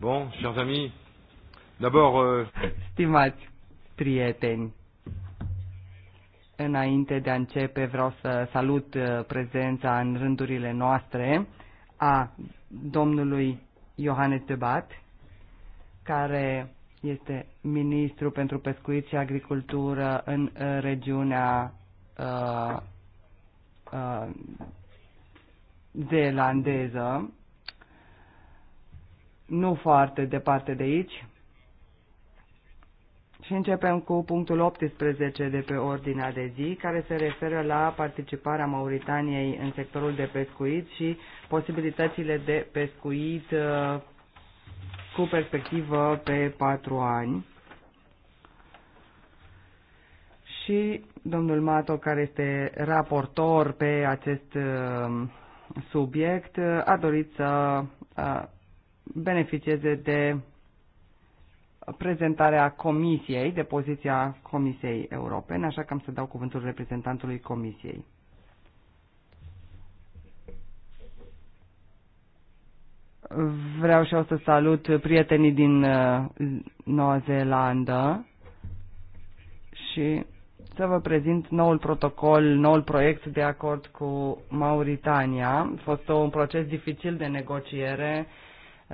Bon, chers amis, d'abord... Euh... Stimați prieteni, înainte de a începe vreau să salut uh, prezența în rândurile noastre a domnului Iohannes Debat, care este ministru pentru pescuit și agricultură în uh, regiunea uh, uh, zeelandeză nu foarte departe de aici. Și începem cu punctul 18 de pe ordinea de zi, care se referă la participarea Mauritaniei în sectorul de pescuit și posibilitățile de pescuit uh, cu perspectivă pe patru ani. Și domnul Mato, care este raportor pe acest uh, subiect, uh, a dorit să beneficieze de prezentarea Comisiei, de poziția Comisiei Europene, așa că am să dau cuvântul reprezentantului Comisiei. Vreau și eu să salut prietenii din uh, Noua Zeelandă și să vă prezint noul protocol, noul proiect de acord cu Mauritania. A fost un proces dificil de negociere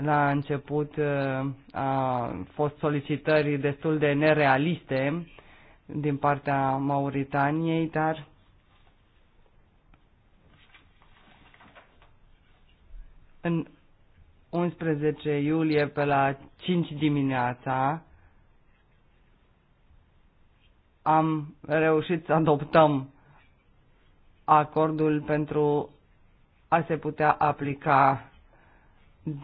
la început uh, a fost solicitări destul de nerealiste din partea Mauritaniei, dar în 11 iulie pe la 5 dimineața am reușit să adoptăm acordul pentru a se putea aplica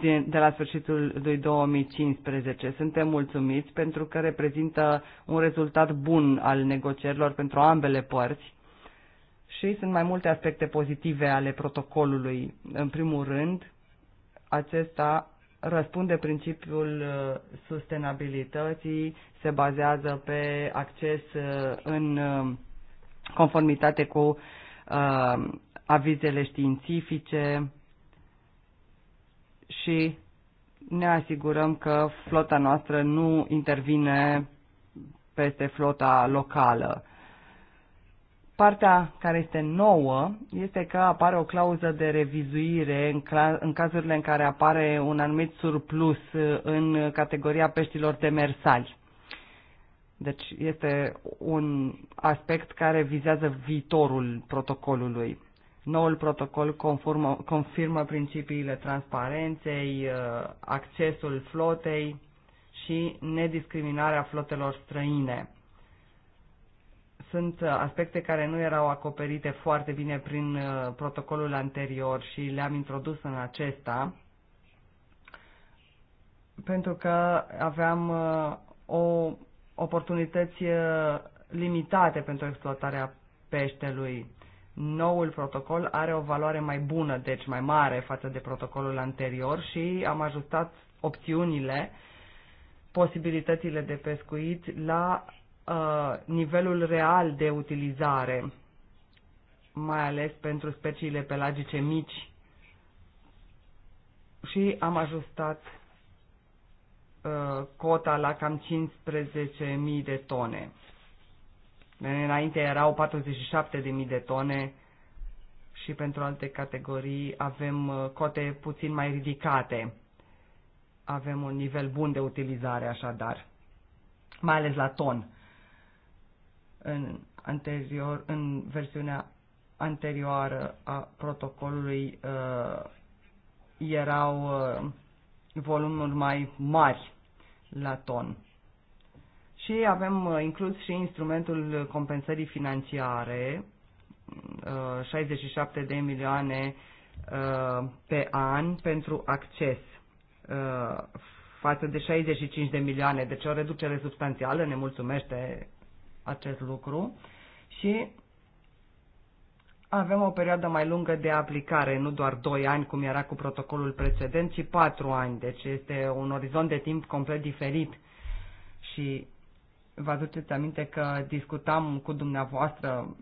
din, de la sfârșitul lui 2015. Suntem mulțumiți pentru că reprezintă un rezultat bun al negocierilor pentru ambele părți și sunt mai multe aspecte pozitive ale protocolului. În primul rând, acesta răspunde principiul uh, sustenabilității, se bazează pe acces uh, în uh, conformitate cu avizele științifice, și ne asigurăm că flota noastră nu intervine peste flota locală. Partea care este nouă este că apare o clauză de revizuire în, în cazurile în care apare un anumit surplus în categoria peștilor demersali. Deci este un aspect care vizează viitorul protocolului. Noul protocol conformă, confirmă principiile transparenței, uh, accesul flotei și nediscriminarea flotelor străine. Sunt uh, aspecte care nu erau acoperite foarte bine prin uh, protocolul anterior și le-am introdus în acesta pentru că aveam o oportunități limitate pentru exploatarea peștelui noul protocol are o valoare mai bună, deci mai mare față de protocolul anterior și am ajustat opțiunile, posibilitățile de pescuit la uh, nivelul real de utilizare, mai ales pentru speciile pelagice mici. Și am ajustat uh, cota la cam 15.000 de tone. Înainte erau 47.000 de tone și pentru alte categorii avem uh, cote puțin mai ridicate. Avem un nivel bun de utilizare așadar, mai ales la ton. În, anterior, în versiunea anterioară a protocolului uh, erau uh, volumuri mai mari la ton. Și avem uh, inclus și instrumentul compensării financiare, 67 uh, de milioane uh, pe an pentru acces față de 65 de milioane, deci o reducere substanțială, ne mulțumește acest lucru și avem o perioadă mai lungă de aplicare, nu doar 2 ani cum era cu protocolul precedent, ci 4 ani, deci este un orizont de timp complet diferit și Vă aduceți aminte că discutam cu dumneavoastră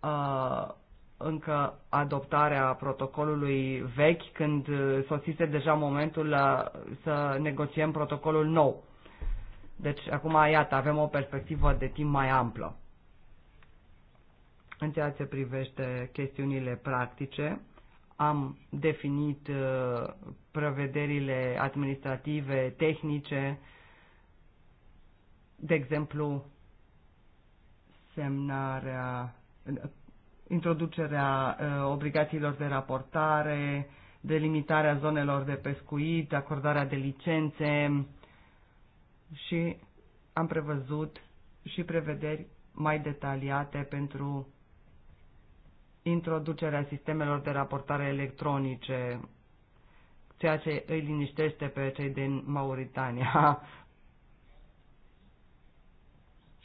uh, încă adoptarea protocolului vechi, când sosise deja momentul la, uh, să negociem protocolul nou. Deci, acum, iată, avem o perspectivă de timp mai amplă. În ceea ce privește chestiunile practice, am definit uh, prevederile administrative, tehnice, de exemplu, semnarea, introducerea ă, obligațiilor de raportare, delimitarea zonelor de pescuit, acordarea de licențe și am prevăzut și prevederi mai detaliate pentru introducerea sistemelor de raportare electronice, ceea ce îi liniștește pe cei din Mauritania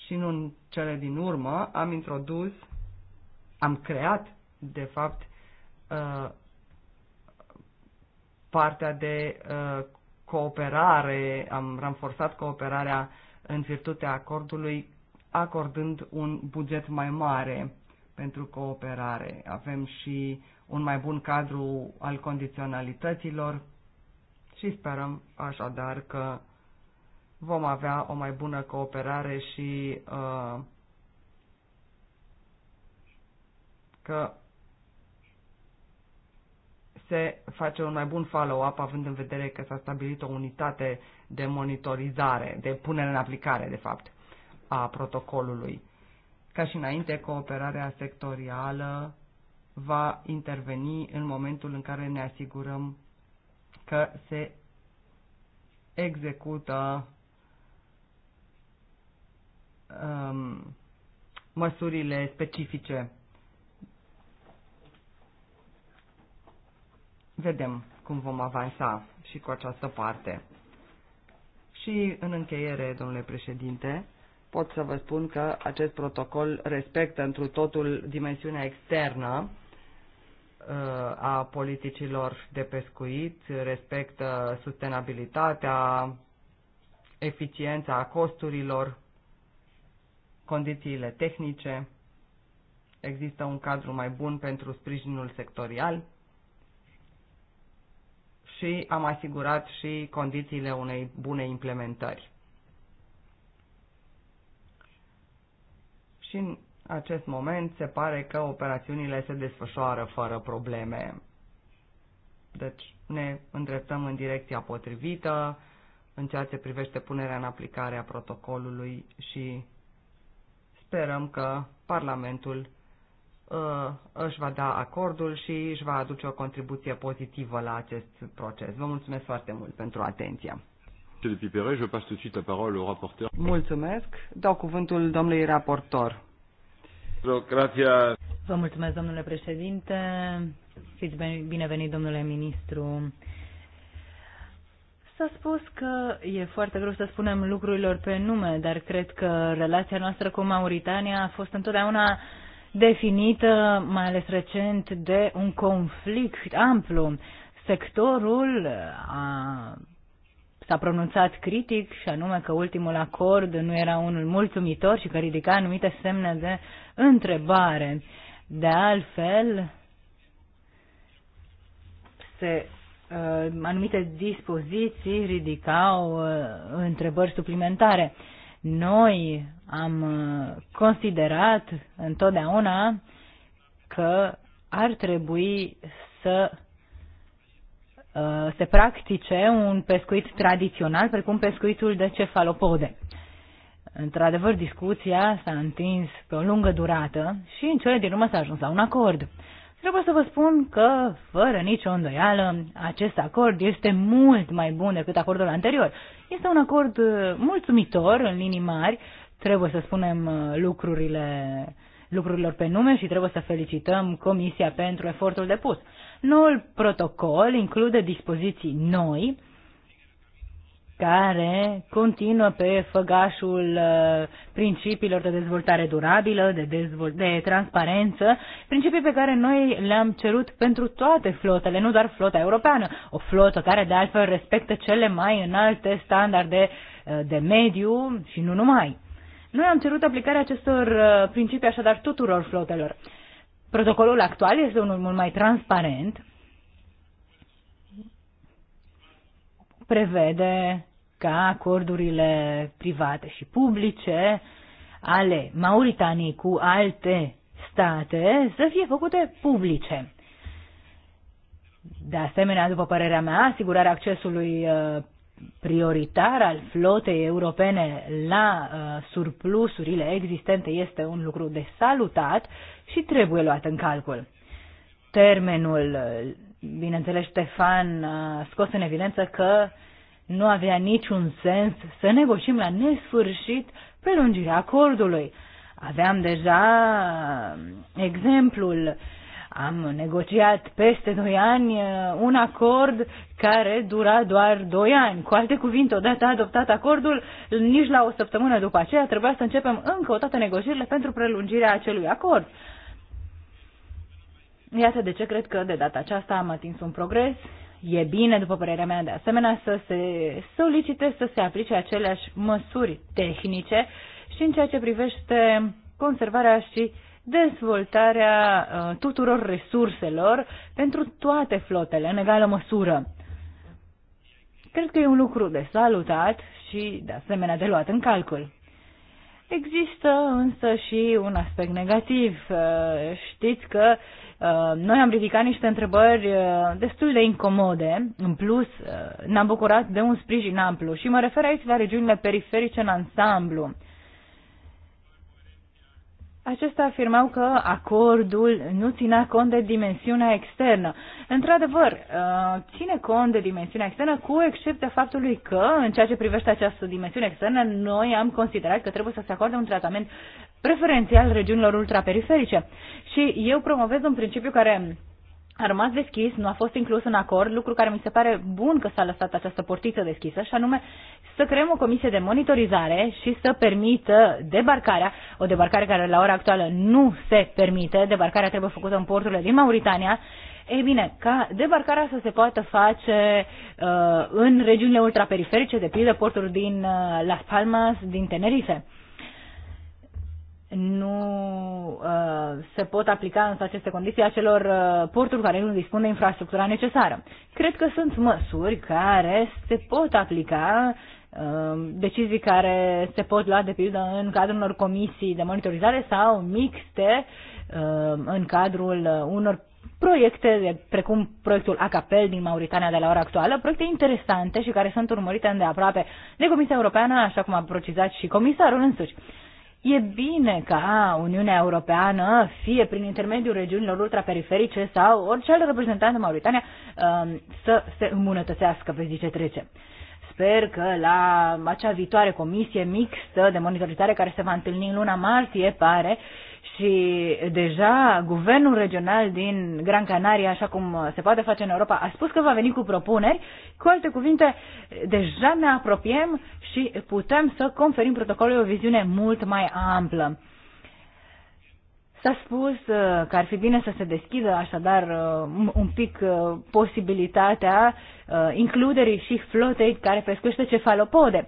și nu în cele din urmă, am introdus, am creat, de fapt, uh, partea de uh, cooperare, am ranforsat cooperarea în virtutea acordului, acordând un buget mai mare pentru cooperare. Avem și un mai bun cadru al condiționalităților și sperăm așadar că vom avea o mai bună cooperare și uh, că se face un mai bun follow-up având în vedere că s-a stabilit o unitate de monitorizare, de punere în aplicare, de fapt, a protocolului. Ca și înainte, cooperarea sectorială va interveni în momentul în care ne asigurăm că se execută um, măsurile specifice. Vedem cum vom avansa și cu această parte. Și în încheiere, domnule președinte, pot să vă spun că acest protocol respectă întru totul dimensiunea externă uh, a politicilor de pescuit, respectă sustenabilitatea, eficiența costurilor condițiile tehnice, există un cadru mai bun pentru sprijinul sectorial și am asigurat și condițiile unei bune implementări. Și în acest moment se pare că operațiunile se desfășoară fără probleme. Deci ne îndreptăm în direcția potrivită în ceea ce privește punerea în aplicare a protocolului și sperăm că Parlamentul uh, își va da acordul și își va aduce o contribuție pozitivă la acest proces. Vă mulțumesc foarte mult pentru atenție. Mulțumesc. Dau cuvântul domnului raportor. Vă mulțumesc, domnule președinte. Fiți binevenit, domnule ministru. S-a spus că e foarte greu să spunem lucrurilor pe nume, dar cred că relația noastră cu Mauritania a fost întotdeauna definită, mai ales recent, de un conflict amplu. Sectorul a, s-a pronunțat critic și anume că ultimul acord nu era unul mulțumitor și că ridica anumite semne de întrebare. De altfel, se Uh, anumite dispoziții ridicau uh, întrebări suplimentare. Noi am uh, considerat întotdeauna că ar trebui să se practice un pescuit tradițional, precum pescuitul de cefalopode. Într-adevăr, discuția s-a întins pe o lungă durată și în cele din urmă s-a ajuns la un acord. Trebuie să vă spun că, fără nicio îndoială, acest acord este mult mai bun decât acordul anterior. Este un acord uh, mulțumitor în linii mari, trebuie să spunem uh, lucrurile lucrurilor pe nume și trebuie să felicităm Comisia pentru efortul depus. Noul protocol include dispoziții noi care continuă pe făgașul uh, principiilor de dezvoltare durabilă, de, dezvol- de transparență, principii pe care noi le-am cerut pentru toate flotele, nu doar flota europeană, o flotă care de altfel respectă cele mai înalte standarde uh, de mediu și nu numai. Noi am cerut aplicarea acestor uh, principii așadar tuturor flotelor. Protocolul actual este unul mult mai transparent, prevede ca acordurile private și publice ale Mauritaniei cu alte state să fie făcute publice. De asemenea, după părerea mea, asigurarea accesului uh, prioritar al flotei europene la uh, surplusurile existente este un lucru de salutat și trebuie luat în calcul. Termenul, uh, bineînțeles, Ștefan a scos în evidență că nu avea niciun sens să negocim la nesfârșit prelungirea acordului. Aveam deja um, exemplul, am negociat peste doi ani uh, un acord care dura doar doi ani. Cu alte cuvinte, odată adoptat acordul, nici la o săptămână după aceea trebuia să începem încă o dată negocierile pentru prelungirea acelui acord. Iată de ce cred că de data aceasta am atins un progres E bine, după părerea mea, de asemenea, să se solicite să se aplice aceleași măsuri tehnice și în ceea ce privește conservarea și dezvoltarea uh, tuturor resurselor pentru toate flotele, în egală măsură. Cred că e un lucru de salutat și, de asemenea, de luat în calcul. Există însă și un aspect negativ. Uh, știți că Uh, noi am ridicat niște întrebări uh, destul de incomode, în plus uh, ne-am bucurat de un sprijin amplu și mă refer aici la regiunile periferice în ansamblu. Acestea afirmau că acordul nu ținea cont de dimensiunea externă. Într-adevăr, uh, ține cont de dimensiunea externă, cu excepția faptului că, în ceea ce privește această dimensiune externă, noi am considerat că trebuie să se acorde un tratament preferențial regiunilor ultraperiferice. Și eu promovez un principiu care a rămas deschis, nu a fost inclus în acord, lucru care mi se pare bun că s-a lăsat această portiță deschisă, și anume să creăm o comisie de monitorizare și să permită debarcarea, o debarcare care la ora actuală nu se permite, debarcarea trebuie făcută în porturile din Mauritania, ei bine, ca debarcarea să se poată face uh, în regiunile ultraperiferice, de pildă porturi din uh, Las Palmas, din Tenerife. Uh, nu uh, se pot aplica în aceste condiții acelor uh, porturi care nu dispun de infrastructura necesară. Cred că sunt măsuri care se pot aplica, uh, decizii care se pot lua de pildă în cadrul unor comisii de monitorizare sau mixte uh, în cadrul uh, unor proiecte, precum proiectul Acapel din Mauritania de la ora actuală, proiecte interesante și care sunt urmărite îndeaproape de Comisia Europeană, așa cum a precizat și comisarul însuși. E bine ca Uniunea Europeană, fie prin intermediul regiunilor ultraperiferice sau orice alt reprezentant în Mauritania, um, să se îmbunătățească pe zi ce trece. Sper că la acea viitoare comisie mixtă de monitorizare care se va întâlni în luna martie, pare și deja guvernul regional din Gran Canaria, așa cum se poate face în Europa, a spus că va veni cu propuneri. Cu alte cuvinte, deja ne apropiem și putem să conferim protocolului o viziune mult mai amplă. S-a spus uh, că ar fi bine să se deschidă așadar uh, un pic uh, posibilitatea includerii și flotei care pescuște cefalopode.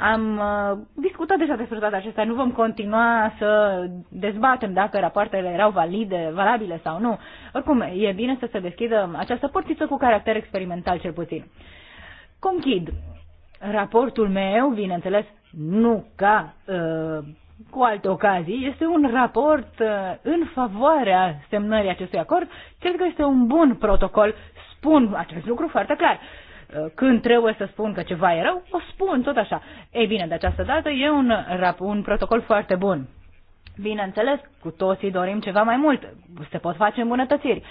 Am uh, discutat deja despre toate acestea, nu vom continua să dezbatem dacă rapoartele erau valide, valabile sau nu. Oricum, e bine să se deschidă această portiță cu caracter experimental cel puțin. Conchid, raportul meu, bineînțeles, nu ca uh, cu alte ocazii, este un raport uh, în favoarea semnării acestui acord. Cred că este un bun protocol. Spun acest lucru foarte clar. Uh, când trebuie să spun că ceva e rău, o spun tot așa. Ei bine, de această dată e un, un protocol foarte bun. Bineînțeles, cu toții dorim ceva mai mult, se pot face îmbunătățiri.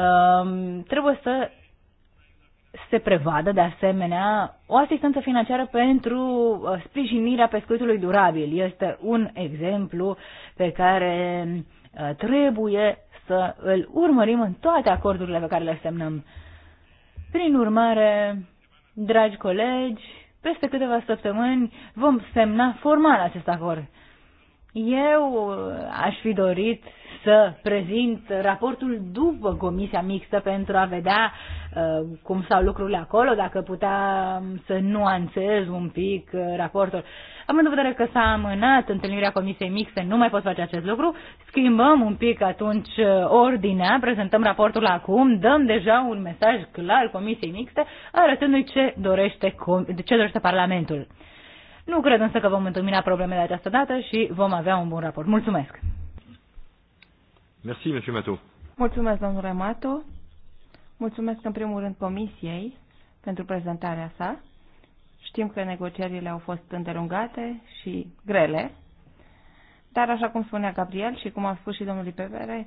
Um, trebuie să se prevadă de asemenea o asistență financiară pentru uh, sprijinirea pescuitului durabil. Este un exemplu pe care uh, trebuie să îl urmărim în toate acordurile pe care le semnăm. Prin urmare, dragi colegi, peste câteva săptămâni vom semna formal acest acord. Eu uh, aș fi dorit să prezint raportul după comisia mixtă pentru a vedea uh, cum stau lucrurile acolo, dacă putea să nuanțez un pic uh, raportul. Având în vedere că s-a amânat întâlnirea Comisiei Mixte, nu mai pot face acest lucru, schimbăm un pic atunci uh, ordinea, prezentăm raportul acum, dăm deja un mesaj clar Comisiei Mixte, arătându-i ce dorește, ce dorește Parlamentul. Nu cred însă că vom întâlni probleme de această dată și vom avea un bun raport. Mulțumesc! Mersi, Mersi Mato. Mulțumesc, domnule Mato. Mulțumesc în primul rând Comisiei pentru prezentarea sa. Știm că negocierile au fost îndelungate și grele, dar așa cum spunea Gabriel și cum a spus și domnul Pepere,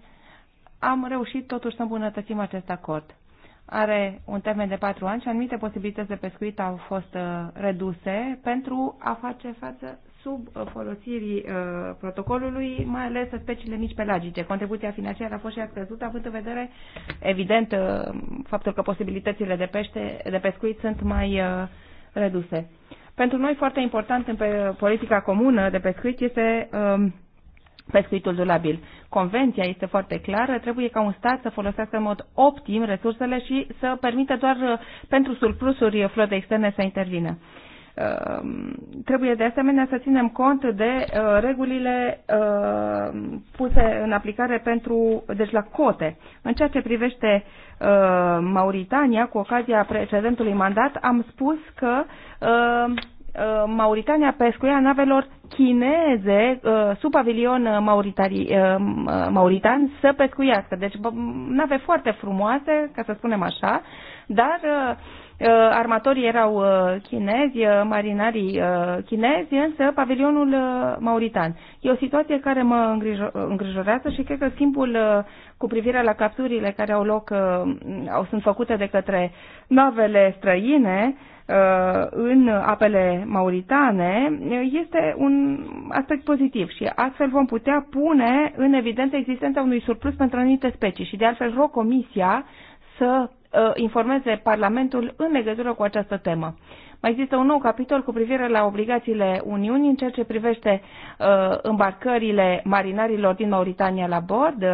am reușit totuși să îmbunătățim acest acord. Are un termen de patru ani și anumite posibilități de pescuit au fost uh, reduse pentru a face față sub uh, folosirii uh, protocolului, mai ales speciile mici pelagice. Contribuția financiară a fost și a crezut, având în vedere, evident, uh, faptul că posibilitățile de, pește, de pescuit sunt mai uh, reduse. Pentru noi foarte important în politica comună de pescuit este um, pescuitul durabil. Convenția este foarte clară, trebuie ca un stat să folosească în mod optim resursele și să permită doar uh, pentru surplusuri uh, flote externe să intervină. Ehm, trebuie de asemenea să ținem cont de eh, regulile ehm, puse în aplicare pentru, deci la cote. În ceea ce privește ehm, Mauritania, cu ocazia precedentului mandat, am spus că Mauritania pescuia navelor chineze eh, sub pavilion mauritan să pescuiască. Deci nave foarte frumoase, ca să spunem așa, dar uh, Uh, armatorii erau uh, chinezi, uh, marinarii chinezi, însă pavilionul mauritan. E o situație care mă îngrijorează și cred că schimbul cu privire la capturile care au loc, au, sunt făcute de către navele străine în apele mauritane este un aspect pozitiv și astfel vom putea pune în evidență existența unui surplus pentru anumite specii și de altfel rog Comisia să Uh, informeze Parlamentul în legătură cu această temă. Mai există un nou capitol cu privire la obligațiile Uniunii în ceea ce privește uh, îmbarcările marinarilor din Mauritania la bord, uh,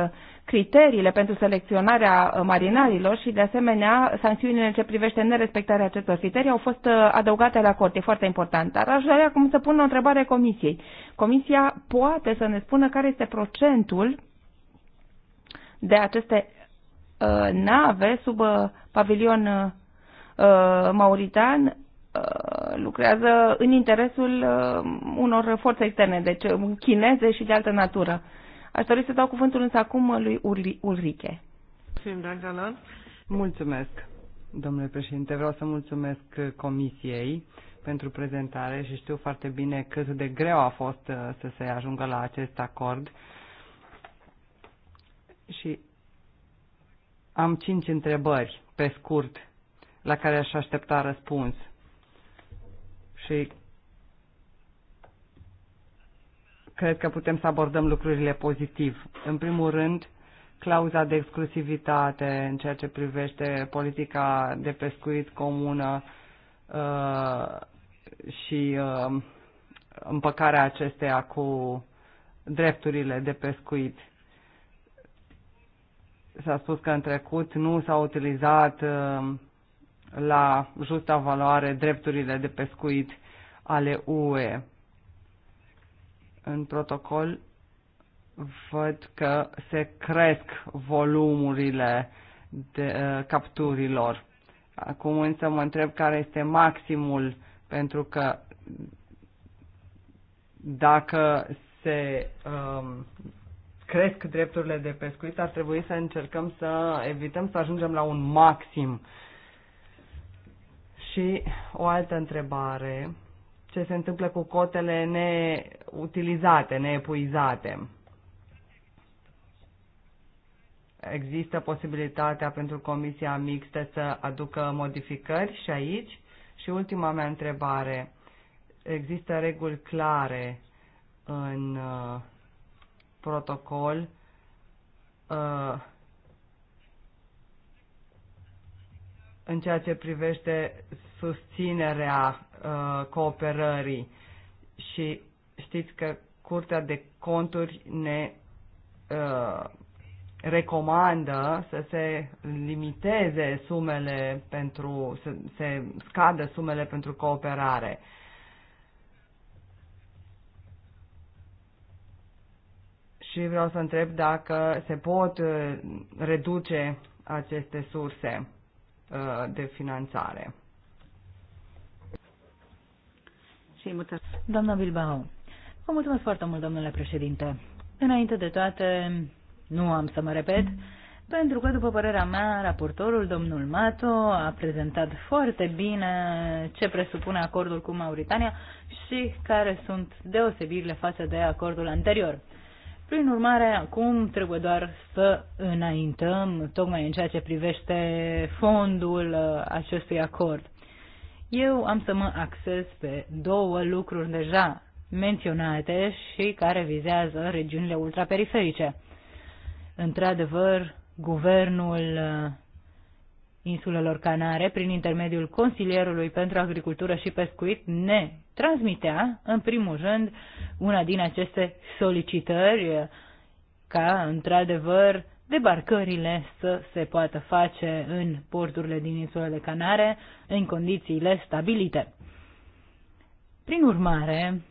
criteriile pentru selecționarea uh, marinarilor și, de asemenea, sancțiunile în ce privește nerespectarea acestor criterii au fost uh, adăugate la acord. E foarte important. Dar aș vrea acum să pun o întrebare Comisiei. Comisia poate să ne spună care este procentul de aceste uh, nave sub uh, pavilion uh, uh, mauritan uh, lucrează în interesul unor forțe externe, deci um, chineze și de altă natură. Aș dori să dau cuvântul însă acum lui Ulrike. Mulțumesc, domnule președinte. Vreau să mulțumesc comisiei pentru prezentare și știu foarte bine cât de greu a fost să se ajungă la acest acord. Și am cinci întrebări pe scurt la care aș aștepta răspuns. Și cred că putem să abordăm lucrurile pozitiv. În primul rând, clauza de exclusivitate în ceea ce privește politica de pescuit comună uh, și uh, împăcarea acesteia cu drepturile de pescuit s-a spus că în trecut nu s-au utilizat uh, la justa valoare drepturile de pescuit ale UE. În protocol văd că se cresc volumurile de, uh, capturilor. Acum însă mă întreb care este maximul, pentru că dacă se um, cresc drepturile de pescuit, ar trebui să încercăm să evităm să ajungem la un maxim. Și o altă întrebare, ce se întâmplă cu cotele neutilizate, neepuizate? Există posibilitatea pentru Comisia Mixtă să aducă modificări și aici? Și ultima mea întrebare, există reguli clare în uh, protocol uh, în ceea ce privește susținerea uh, cooperării și știți că Curtea de Conturi ne uh, recomandă să se limiteze sumele pentru, să se scadă sumele pentru cooperare. și vreau să întreb dacă se pot uh, reduce aceste surse uh, de finanțare. Doamna Bilbao, vă mulțumesc foarte mult, domnule președinte. Înainte de toate, nu am să mă repet, pentru că, după părerea mea, raportorul, domnul Mato, a prezentat foarte bine ce presupune acordul cu Mauritania și care sunt deosebirile față de acordul anterior. Prin urmare, acum trebuie doar să înaintăm, tocmai în ceea ce privește fondul uh, acestui acord. Eu am să mă axez pe două lucruri deja menționate și care vizează regiunile ultraperiferice. Într-adevăr, guvernul uh, insulelor Canare, prin intermediul Consilierului pentru Agricultură și Pescuit, ne transmitea, în primul rând, una din aceste solicitări eh, ca, într-adevăr, debarcările să se poată face în porturile din insulele Canare, în condițiile stabilite. Prin urmare,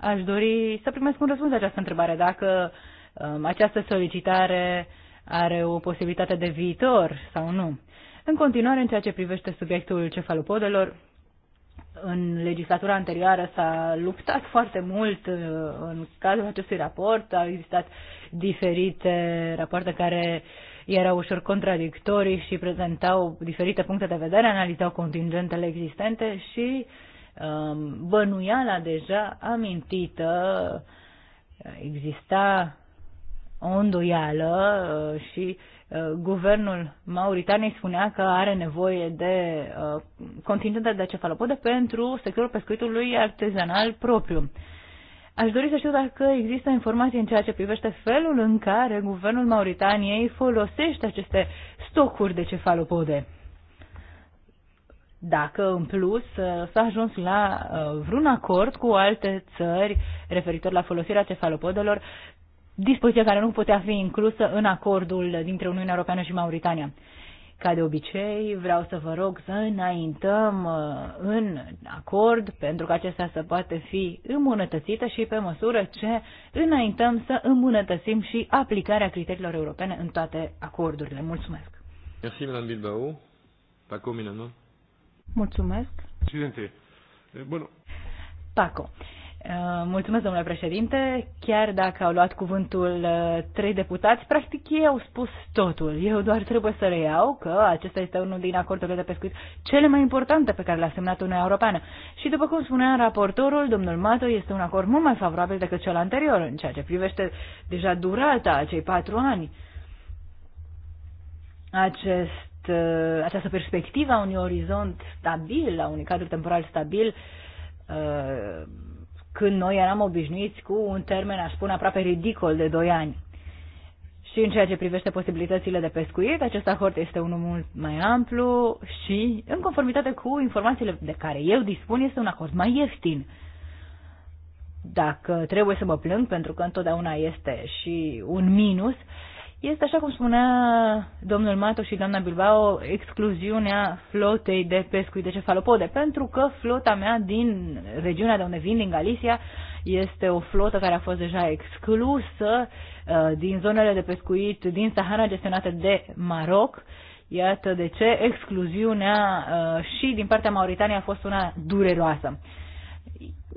aș dori să primesc un răspuns la această întrebare, dacă um, această solicitare are o posibilitate de viitor sau nu. În continuare, în ceea ce privește subiectul cefalopodelor, în legislatura anterioară s-a luptat foarte mult uh, în cadrul acestui raport, au existat diferite rapoarte care erau ușor contradictorii și prezentau diferite puncte de vedere, analizau contingentele existente și um, bănuiala deja amintită uh, exista o îndoială uh, și Uh, guvernul Mauritaniei spunea că are nevoie de uh, contingente de cefalopode pentru sectorul pescuitului artezanal propriu. Aș dori să știu dacă există informații în ceea ce privește felul în care guvernul Mauritaniei folosește aceste stocuri de cefalopode. Dacă, în plus, uh, s-a ajuns la uh, vreun acord cu alte țări referitor la folosirea cefalopodelor dispoziție care nu putea fi inclusă în acordul dintre Uniunea Europeană și Mauritania. Ca de obicei, vreau să vă rog să înaintăm uh, în acord pentru că acesta să poate fi îmbunătățită și pe măsură ce înaintăm să îmbunătățim și aplicarea criteriilor europene în toate acordurile. Mulțumesc! Merci, Madame Bilbao. Paco Mulțumesc. bueno. Paco. Uh, mulțumesc, domnule președinte. Chiar dacă au luat cuvântul uh, trei deputați, practic ei au spus totul. Eu doar trebuie să reiau că acesta este unul din acordurile de pescuit cele mai importante pe care le-a semnat Uniunea Europeană. Și după cum spunea raportorul, domnul Mato este un acord mult mai favorabil decât cel anterior, în ceea ce privește deja durata acei patru ani. Acest, uh, această perspectivă a unui orizont stabil, a unui cadru temporal stabil, uh, când noi eram obișnuiți cu un termen, aș spune, aproape ridicol de 2 ani. Și în ceea ce privește posibilitățile de pescuit, acest acord este unul mult mai amplu și, în conformitate cu informațiile de care eu dispun, este un acord mai ieftin. Dacă trebuie să mă plâng, pentru că întotdeauna este și un minus, uh, este, așa cum spunea domnul Mato și doamna Bilbao, excluziunea flotei de pescuit de cefalopode, pentru că flota mea din regiunea de unde vin, din Galicia, este o flotă care a fost deja exclusă uh, din zonele de pescuit din Sahara gestionate de Maroc. Iată de ce excluziunea uh, și din partea Mauritaniei a fost una dureroasă. Uh,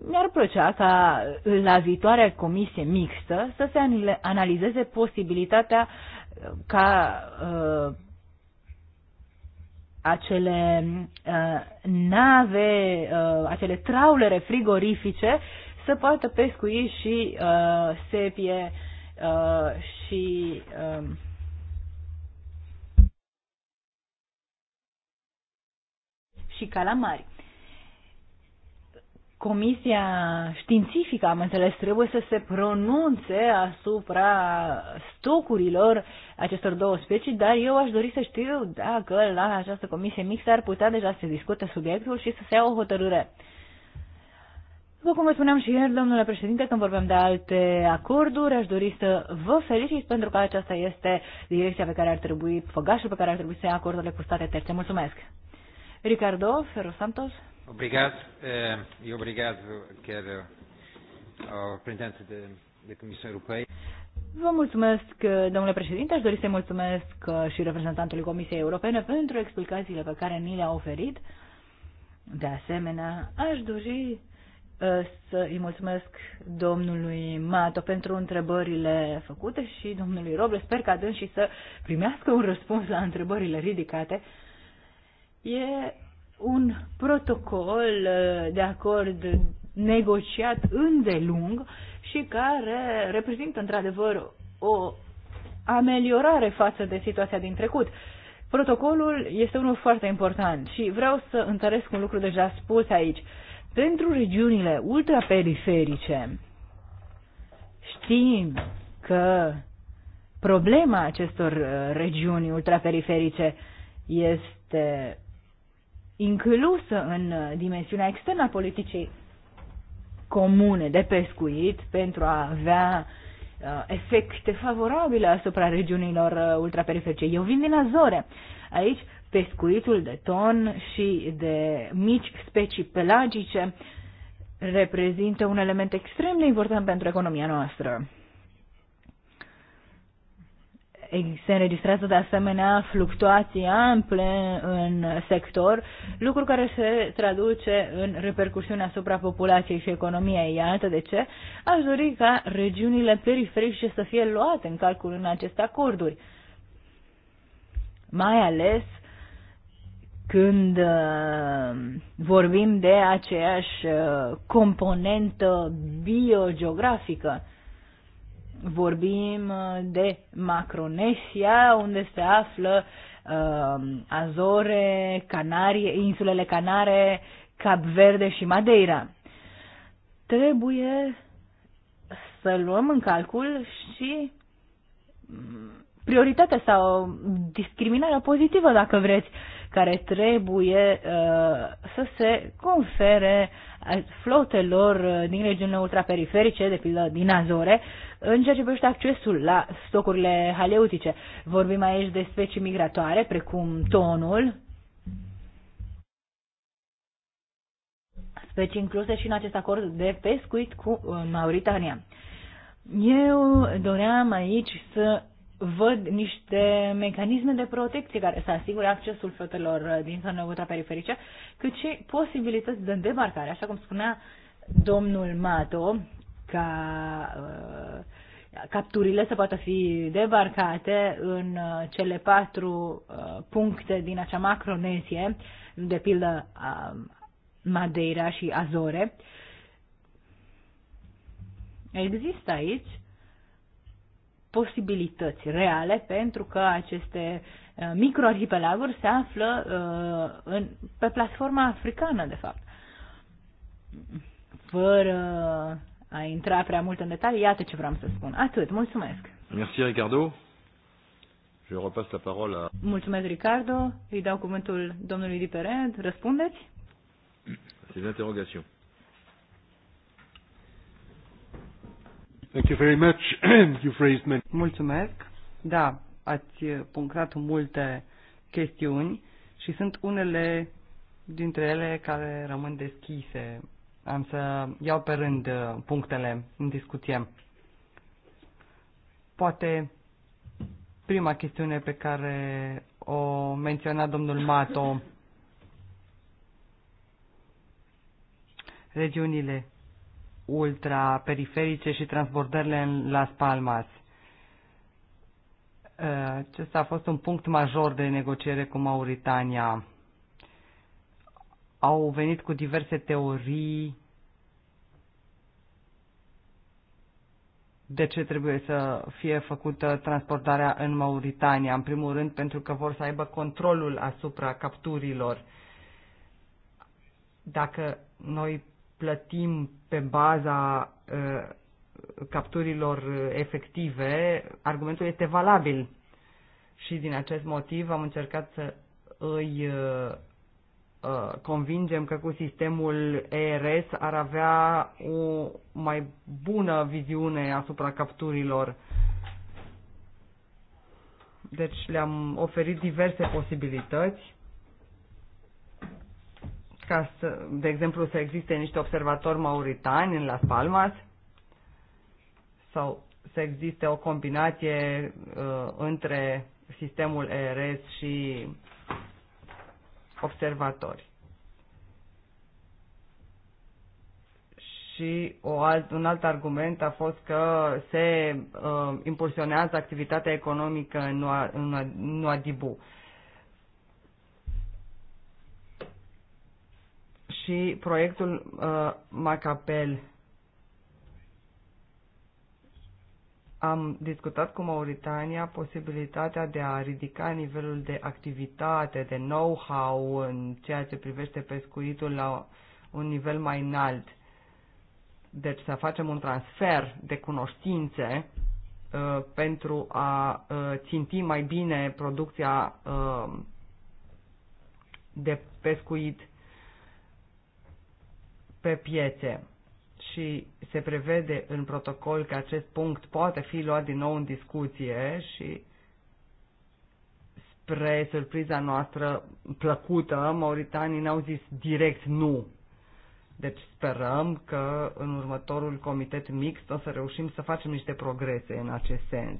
mi-ar plăcea ca la viitoarea comisie mixtă să se analizeze posibilitatea uh, ca uh, acele uh, nave, uh, acele traulere frigorifice să poată pescui și uh, sepie uh, și uh, și calamari. Comisia științifică, am înțeles, trebuie să se pronunțe asupra stocurilor acestor două specii, dar eu aș dori să știu dacă la această comisie mixtă ar putea deja să se discute subiectul și să se ia o hotărâre. După cum vă spuneam și ieri, domnule președinte, când vorbim de alte acorduri, aș dori să vă felicit pentru că aceasta este direcția pe care ar trebui, făgașul pe care ar trebui să ia acordurile cu state terțe. Mulțumesc! Ricardo Ferro Santos Obrigado. Eh, e obrigado, quer eh, ao representante da, da Comissão Europeia. Vă mulțumesc, domnule președinte. Aș dori să-i mulțumesc și reprezentantului Comisiei Europene pentru explicațiile pe care ni le-a oferit. De asemenea, aș dori eh, să i mulțumesc domnului Mato pentru întrebările făcute și domnului Robles. Sper că și să primească un răspuns la întrebările ridicate. E un protocol uh, de acord negociat îndelung și care reprezintă într-adevăr o ameliorare față de situația din trecut. Protocolul este unul foarte important și vreau să întăresc un lucru deja spus aici. Pentru regiunile ultraperiferice știm că problema acestor uh, regiuni ultraperiferice este inclusă în uh, dimensiunea externă a politicii comune de pescuit pentru a avea uh, efecte favorabile asupra regiunilor uh, ultraperiferice. Eu vin din Azore. Aici pescuitul de ton și de mici specii pelagice reprezintă un element extrem de important pentru economia noastră se înregistrează de asemenea fluctuații ample în sector, lucru care se traduce în repercusiune asupra populației și economiei. Iată de ce aș dori ca regiunile periferice să fie luate în calcul în aceste acorduri. Mai ales când uh, vorbim de aceeași uh, componentă biogeografică vorbim uh, de Macronesia, unde se află uh, Azore, Canarie, insulele Canare, Cap Verde și Madeira. Trebuie să luăm în calcul și mm, prioritatea sau discriminarea pozitivă, dacă vreți, care trebuie uh, să se confere uh, flotelor uh, din regiunile ultraperiferice, de pildă din Azore, în ceea ce privește accesul la stocurile haleutice. Vorbim aici de specii migratoare, precum tonul, specii incluse și în acest acord de pescuit cu Mauritania. Eu doream aici să văd niște mecanisme de protecție care să asigure accesul fetelor din zonele periferice, cât și posibilități de debarcare, așa cum spunea domnul Mato, ca uh, capturile să poată fi debarcate în uh, cele patru uh, puncte din acea macronesie, de pildă um, Madeira și Azore. Există aici posibilități reale pentru că aceste uh, microarhipelaguri se află uh, în, pe platforma africană, de fapt. Fără a intra prea mult în detalii, iată ce vreau să spun. Atât, mulțumesc. Merci, Ricardo. Je repasse la parole à... Mulțumesc, Ricardo. Îi dau cuvântul domnului Diperent. Răspundeți? C'est l'interrogation. Thank you very much. You've raised many... Mulțumesc. Da, ați punctat multe chestiuni și sunt unele dintre ele care rămân deschise. Am să iau pe rând uh, punctele în discuție. Poate prima chestiune pe care o menționa domnul Mato, regiunile ultraperiferice și transbordările în Las Palmas. Uh, acesta a fost un punct major de negociere cu Mauritania. Au venit cu diverse teorii de ce trebuie să fie făcută transportarea în Mauritania. În primul rând pentru că vor să aibă controlul asupra capturilor. Dacă noi plătim pe baza uh, capturilor uh, efective, argumentul este valabil. Și din acest motiv am încercat să îi uh, convingem că cu sistemul ERS ar avea o mai bună viziune asupra capturilor. Deci le-am oferit diverse posibilități ca să, de exemplu, să existe niște observatori mauritani în Las Palmas sau să existe o combinație uh, între sistemul ERS și observatori. Și o alt, un alt argument a fost că se uh, impulsionează activitatea economică în, Nuadibu. Nua și proiectul uh, Macapel. Am discutat cu Mauritania posibilitatea de a ridica nivelul de activitate, de know-how în ceea ce privește pescuitul la un nivel mai înalt. Deci să facem un transfer de cunoștințe uh, pentru a uh, ținti mai bine producția uh, de pescuit pe piețe și se prevede în protocol că acest punct poate fi luat din nou în discuție și spre surpriza noastră plăcută, mauritanii n-au zis direct nu. Deci sperăm că în următorul comitet mixt o să reușim să facem niște progrese în acest sens.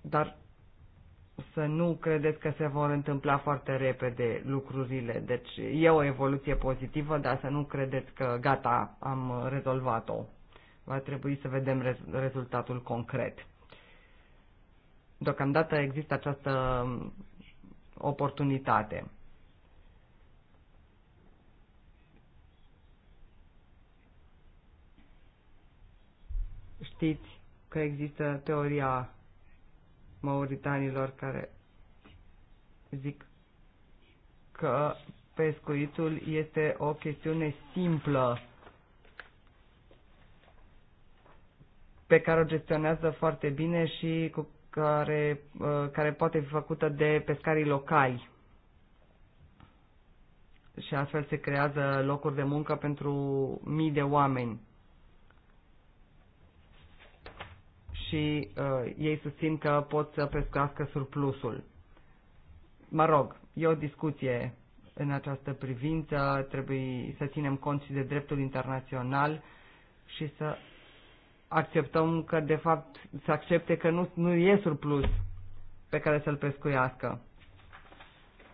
Dar să nu credeți că se vor întâmpla foarte repede lucrurile. Deci e o evoluție pozitivă, dar să nu credeți că gata, am rezolvat-o. Va trebui să vedem rez- rezultatul concret. Deocamdată există această oportunitate. Știți că există teoria mauritanilor care zic că pescuitul este o chestiune simplă pe care o gestionează foarte bine și cu care, uh, care poate fi făcută de pescarii locali. Și astfel se creează locuri de muncă pentru mii de oameni. și uh, ei susțin că pot să pescuiască surplusul. Mă rog, e o discuție în această privință, trebuie să ținem cont și de dreptul internațional și să acceptăm că, de fapt, să accepte că nu, nu e surplus pe care să-l pescuiască.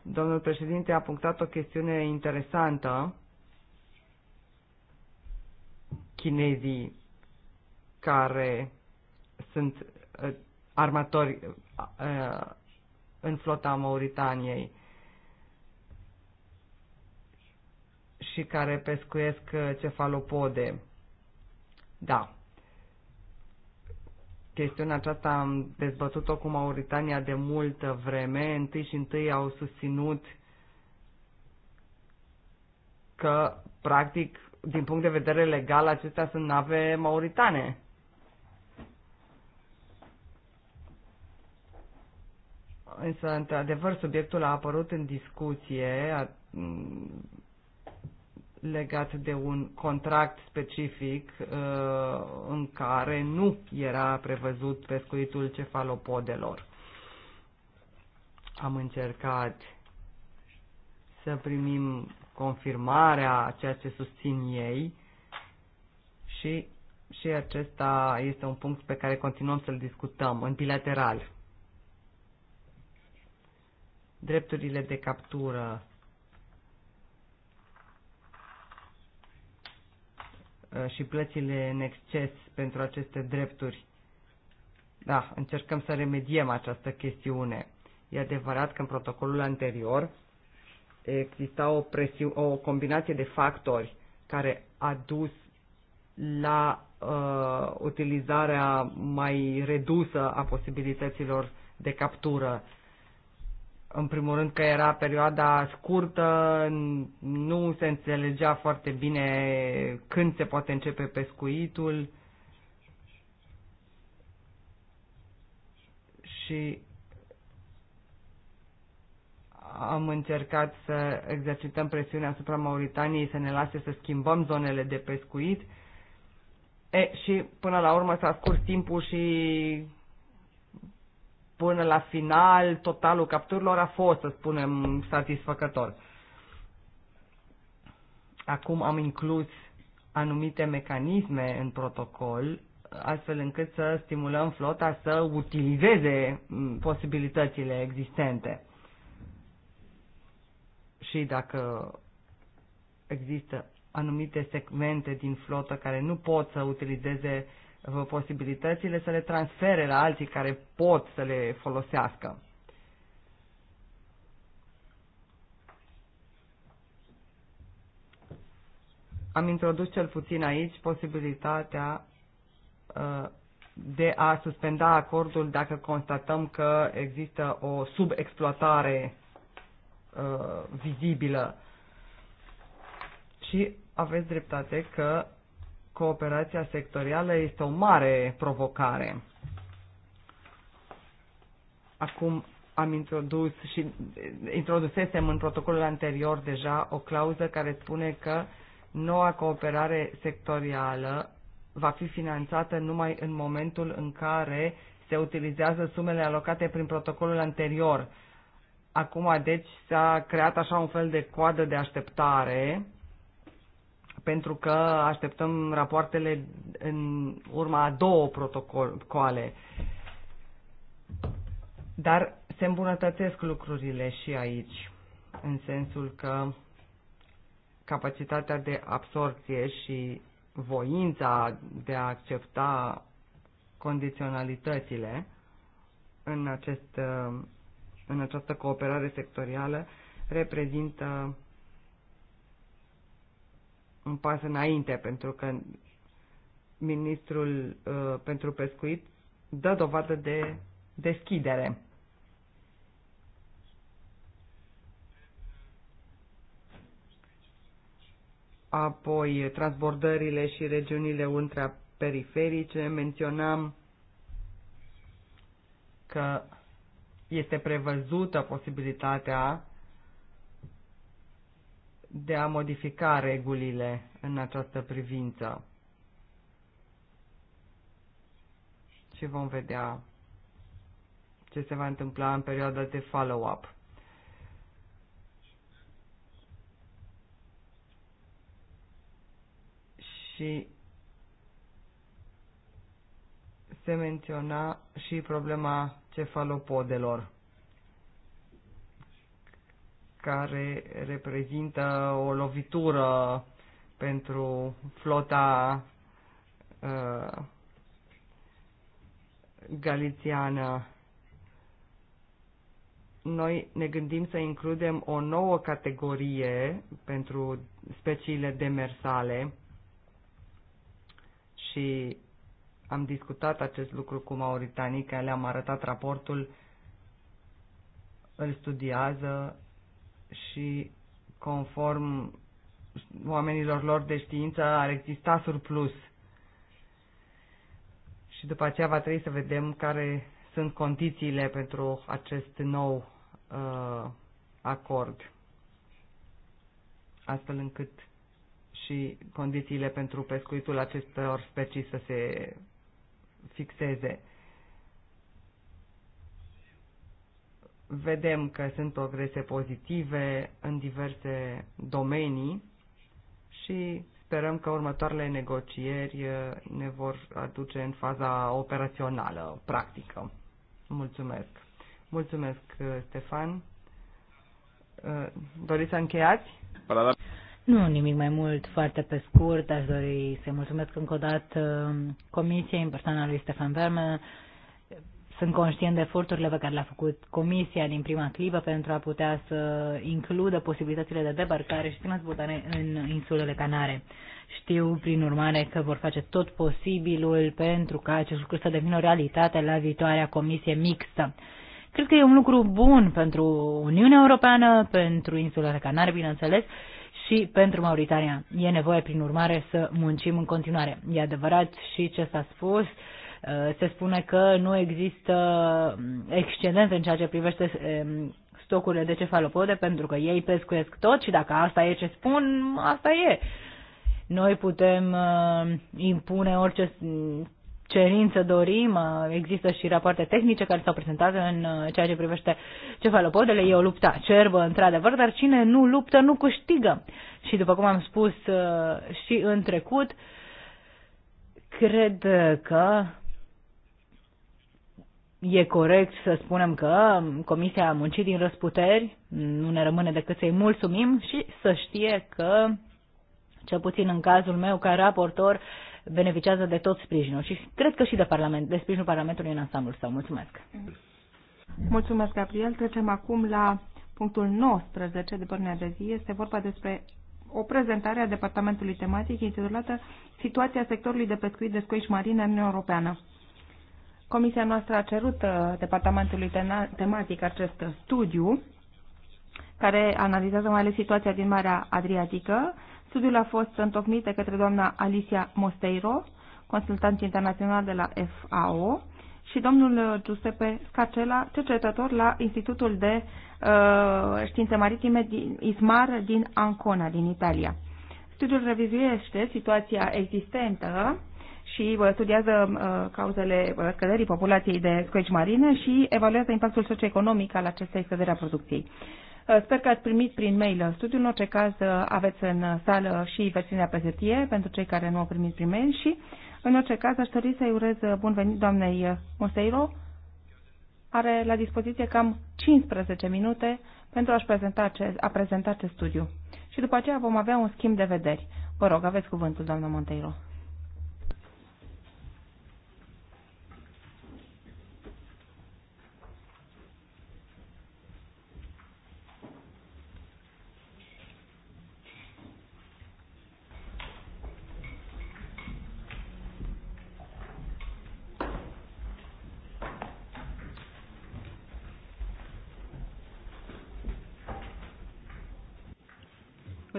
Domnul președinte a punctat o chestiune interesantă. Chinezii care sunt uh, armatori uh, în flota Mauritaniei și care pescuiesc uh, cefalopode. Da. Chestiunea aceasta am dezbătut-o cu Mauritania de multă vreme. Întâi și întâi au susținut că, practic, din punct de vedere legal, acestea sunt nave mauritane. Însă, într-adevăr, subiectul a apărut în discuție a, mm, legat de un contract specific a, uh, în care nu era prevăzut pescuitul cefalopodelor. Am încercat să primim confirmarea a ceea ce susțin ei și, și acesta este un punct pe care continuăm să-l discutăm în bilateral drepturile de captură uh, și plățile în exces pentru aceste drepturi. Da, încercăm să remediem această chestiune. E adevărat că în protocolul anterior exista o, presi- o combinație de factori care a dus la uh, utilizarea mai redusă a posibilităților de captură în primul rând că era perioada scurtă, nu se înțelegea foarte bine când se poate începe pescuitul și am încercat să exercităm presiunea asupra Mauritaniei să ne lase să schimbăm zonele de pescuit. E, și până la urmă s-a scurs timpul și până la final totalul capturilor a fost, să spunem, satisfăcător. Acum am inclus anumite mecanisme în protocol, astfel încât să stimulăm flota să utilizeze posibilitățile existente. Și dacă există anumite segmente din flotă care nu pot să utilizeze posibilitățile, să le transfere la alții care pot să le folosească. Am introdus cel puțin aici posibilitatea uh, de a suspenda acordul dacă constatăm că există o subexploatare uh, vizibilă. Și aveți dreptate că cooperația sectorială este o mare provocare. Acum am introdus și introdusesem în protocolul anterior deja o clauză care spune că noua cooperare sectorială va fi finanțată numai în momentul în care se utilizează sumele alocate prin protocolul anterior. Acum, deci, s-a creat așa un fel de coadă de așteptare pentru că așteptăm rapoartele în urma a două protocoale. Dar se îmbunătățesc lucrurile și aici, în sensul că capacitatea de absorție și voința de a accepta condiționalitățile în, acest, în această cooperare sectorială reprezintă un pas înainte, pentru că ministrul uh, pentru pescuit dă dovadă de deschidere. Apoi, transbordările și regiunile ultraperiferice, menționam că este prevăzută posibilitatea de a modifica regulile în această privință. Și vom vedea ce se va întâmpla în perioada de follow-up. Și se menționa și problema cefalopodelor care reprezintă o lovitură pentru flota uh, galițiană. Noi ne gândim să includem o nouă categorie pentru speciile demersale și am discutat acest lucru cu mauritanii, că le-am arătat raportul, îl studiază și conform oamenilor lor de știință ar exista surplus. Și după aceea va trebui să vedem care sunt condițiile pentru acest nou uh, acord, astfel încât și condițiile pentru pescuitul acestor specii să se fixeze. vedem că sunt progrese pozitive în diverse domenii și sperăm că următoarele negocieri uh, ne vor aduce în faza operațională, practică. Mulțumesc. Mulțumesc, uh, Stefan. Uh, doriți să încheiați? Nu, nimic mai mult, foarte pe scurt. Aș dori să mulțumesc încă o dată Comisiei în persoana lui Stefan Verme sunt conștient de eforturile pe care le-a făcut Comisia din prima clipă pentru a putea să includă posibilitățile de debarcare și transportare în insulele Canare. Știu, prin urmare, că vor face tot posibilul pentru ca acest lucru să devină o realitate la viitoarea Comisie mixtă. Cred că e un lucru bun pentru Uniunea Europeană, pentru insulele Canare, bineînțeles, și pentru Mauritania. E nevoie, prin urmare, să muncim în continuare. E adevărat și ce s-a spus, uh, Eh, se spune că nu există mm, excedent în ceea ce privește stocurile de cefalopode pentru că ei pescuiesc tot și dacă asta e ce spun, asta e. Noi putem eh, impune orice mm, cerință dorim, eh, există și rapoarte tehnice care s-au prezentat în ceea ce privește cefalopodele, e o luptă cerbă, într-adevăr, dar cine nu luptă, nu câștigă. Și după cum am spus și în trecut, cred că e corect să spunem că Comisia a muncit din răsputeri, nu ne rămâne decât să-i mulțumim și să știe că, cel puțin în cazul meu ca raportor, beneficiază de tot sprijinul și cred că și de, parlament, de sprijinul Parlamentului în ansamblu. său. Mulțumesc! Mulțumesc, Gabriel. Trecem acum la punctul 19 de pornea de zi. Este vorba despre o prezentare a departamentului tematic intitulată Situația sectorului de pescuit de scoici marine în Europeană. Comisia noastră a cerut uh, departamentului tematic acest studiu care analizează mai ales situația din Marea Adriatică. Studiul a fost întocmit de către doamna Alicia Mosteiro, consultant internațional de la FAO, și domnul uh, Giuseppe Scacela, cercetător la Institutul de uh, Științe Maritime din Ismar din Ancona, din Italia. Studiul revizuiește situația existentă și uh, studiază uh, cauzele uh, scăderii populației de scoici marine și evaluează impactul socioeconomic al acestei scăderi a producției. Sper că ați primit prin mail studiul. În orice caz, aveți în sală și versiunea pe hârtie pentru cei care nu au primit prin mail și, în orice caz, aș dori să-i urez bun venit doamnei Moseiro. Are la dispoziție cam 15 minute pentru a-și prezenta acest, a prezenta acest studiu. Și după aceea vom avea un schimb de vederi. Vă rog, aveți cuvântul, doamna Monteiro.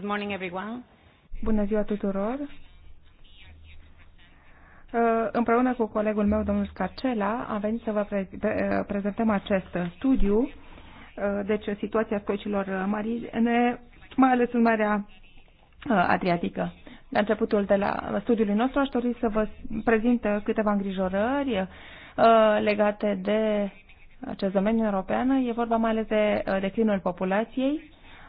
Good morning, everyone. Bună ziua tuturor. Uh, împreună cu colegul meu, domnul Scarcela, am venit să vă uh, prezentăm acest studiu, uh, deci situația scoicilor mari, mai ales în Marea Adriatică. La începutul de la studiului nostru aș dori să vă prezint câteva îngrijorări legate de acest domeniu european. E vorba mai ales de declinul populației,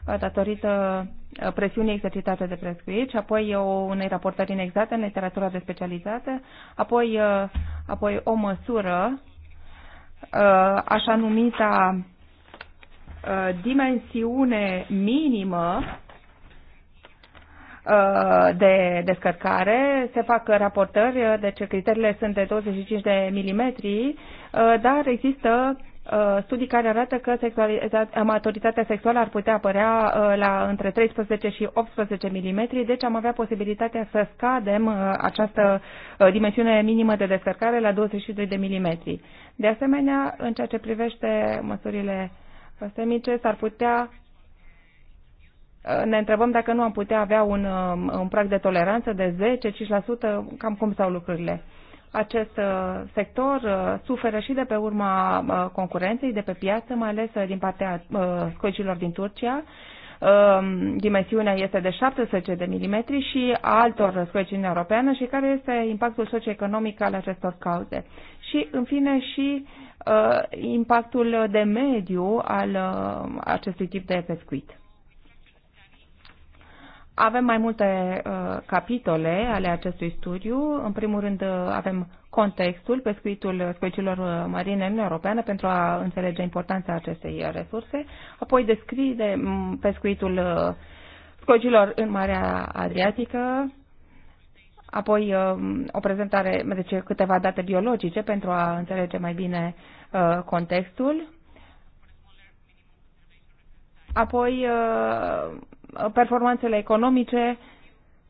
Uh, datorită uh, presiunii exercitate de prescuit și apoi unei raportări inexacte în literatura de specializată, apoi, uh, apoi o măsură, așa numita dimensiune minimă de descărcare, se fac raportări, deci criteriile sunt de 25 de milimetri, dar există Uh, studii care arată că maturitatea sexuală ar putea apărea uh, la între 13 și 18 mm, deci am avea posibilitatea să scadem uh, această dimensiune minimă de descărcare la 22 de mm. De asemenea, în ceea ce privește măsurile semice, s-ar putea ne întrebăm dacă nu am putea avea un, um, un prag de toleranță de 10-5%, cam cum stau lucrurile acest uh, sector uh, suferă și de pe urma uh, concurenței de pe piață, mai ales din partea scocilor din Turcia. Um, dimensiunea este de 17 de milimetri și altor scoici în europeană și care este impactul socioeconomic al acestor cauze. Și, în fine, și impactul de mediu al acestui tip de pescuit. Avem mai multe uh, capitole ale acestui studiu. În primul rând uh, avem contextul, pescuitul speciilor uh, uh, marine în Europeană pentru a înțelege importanța acestei uh, resurse, apoi descrie mm, pescuitul uh, scocilor în Marea Adriatică, apoi o prezentare, deci câteva date biologice pentru a înțelege mai bine contextul, apoi uh, performanțele economice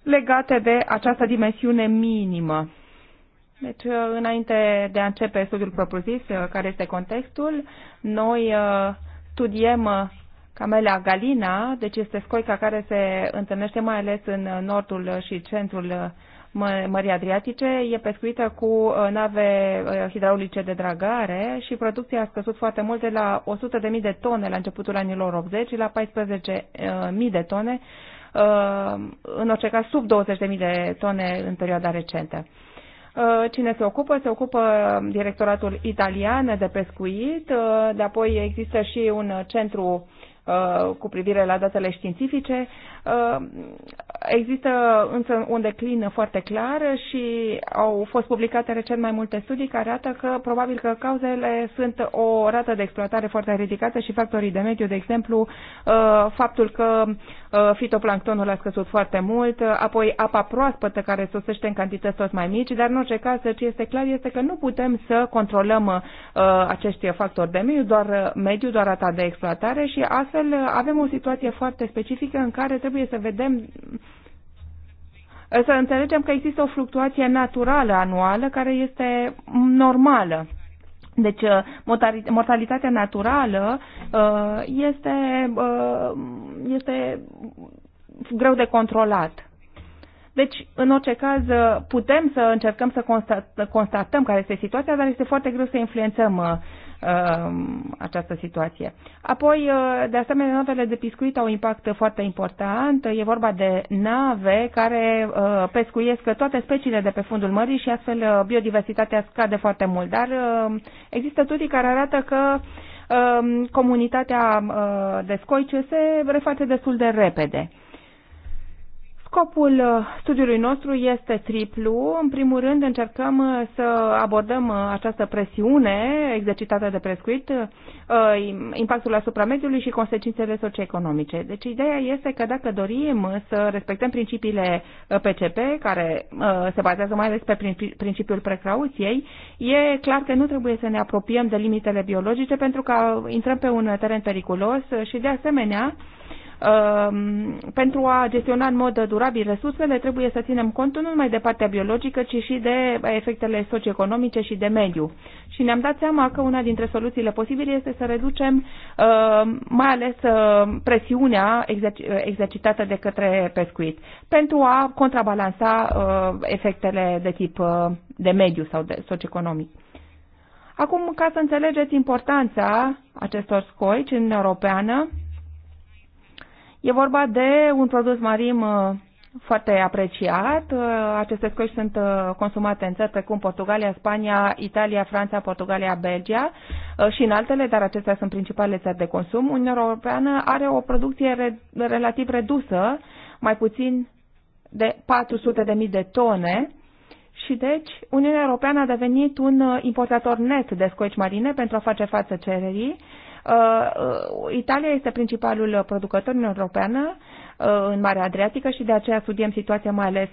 legate de această dimensiune minimă. Deci, uh, înainte de a începe studiul propriu-zis, uh, care este contextul, noi studiem Camelea galina, deci este scoica care se întâlnește mai ales în nordul și centrul Mării Adriatice e pescuită cu uh, nave uh, hidraulice de dragare și producția a scăzut foarte mult de la 100.000 de tone la începutul anilor 80 la 14.000 uh, de tone, în orice caz sub 20.000 de tone în perioada recentă. Cine se ocupă? Se ocupă directoratul italian de pescuit, de apoi există și un centru Uh, cu privire la datele științifice. Uh, există însă un declin foarte clar și au fost publicate recent mai multe studii care arată că probabil că cauzele sunt o rată de exploatare foarte ridicată și factorii de mediu, de exemplu, uh, faptul că Uh, fitoplanctonul a scăzut foarte mult, uh, apoi apa proaspătă care sosește în cantități tot mai mici, dar în orice caz ce deci, este clar este că nu putem să controlăm uh, acești factori de mediu, doar mediu, doar rata de exploatare și astfel avem o situație foarte specifică în care trebuie să vedem să înțelegem că există o fluctuație naturală anuală care este normală deci, uh, mortalitatea naturală uh, este, uh, este greu de controlat. Deci, în orice caz, putem să încercăm să constatăm care este situația, dar este foarte greu să influențăm Um, această situație. Apoi, uh, de asemenea, notele de piscuit au un impact foarte important. E vorba de nave care uh, pescuiesc toate speciile de pe fundul mării și astfel uh, biodiversitatea scade foarte mult. Dar există studii care arată că um, comunitatea de scoice se reface destul de repede. Scopul uh, studiului nostru este triplu. În primul rând încercăm uh, să abordăm uh, această presiune exercitată de prescuit, impactul asupra mediului și consecințele socioeconomice. Deci ideea este că dacă dorim să respectăm principiile PCP, care se bazează mai ales pe principiul precauției, e clar că nu trebuie să ne apropiem de limitele biologice pentru că intrăm pe un teren periculos și de asemenea Um, pentru a gestiona în mod durabil resursele, trebuie să ținem cont nu numai de partea biologică, ci și de efectele socioeconomice și de mediu. Și ne-am dat seama că una dintre soluțiile posibile este să reducem uh, mai ales uh, presiunea exercitată de către pescuit pentru a contrabalansa uh, efectele de tip de mediu sau de socioeconomic. Acum, ca să înțelegeți importanța acestor scoici în Europeană, E vorba de un produs marim uh, foarte apreciat. Uh, aceste scoși sunt uh, consumate în țări precum Portugalia, Spania, Italia, Franța, Portugalia, Belgia și în altele, dar acestea sunt principalele țări de consum. Uniunea Europeană are o producție re relativ redusă, mai puțin de 400.000 de tone și deci Uniunea Europeană a devenit un importator net de scoici marine pentru a face față cererii Uh, uh, Italia este principalul producător în Europeană, uh, în Marea Adriatică și de aceea studiem situația mai ales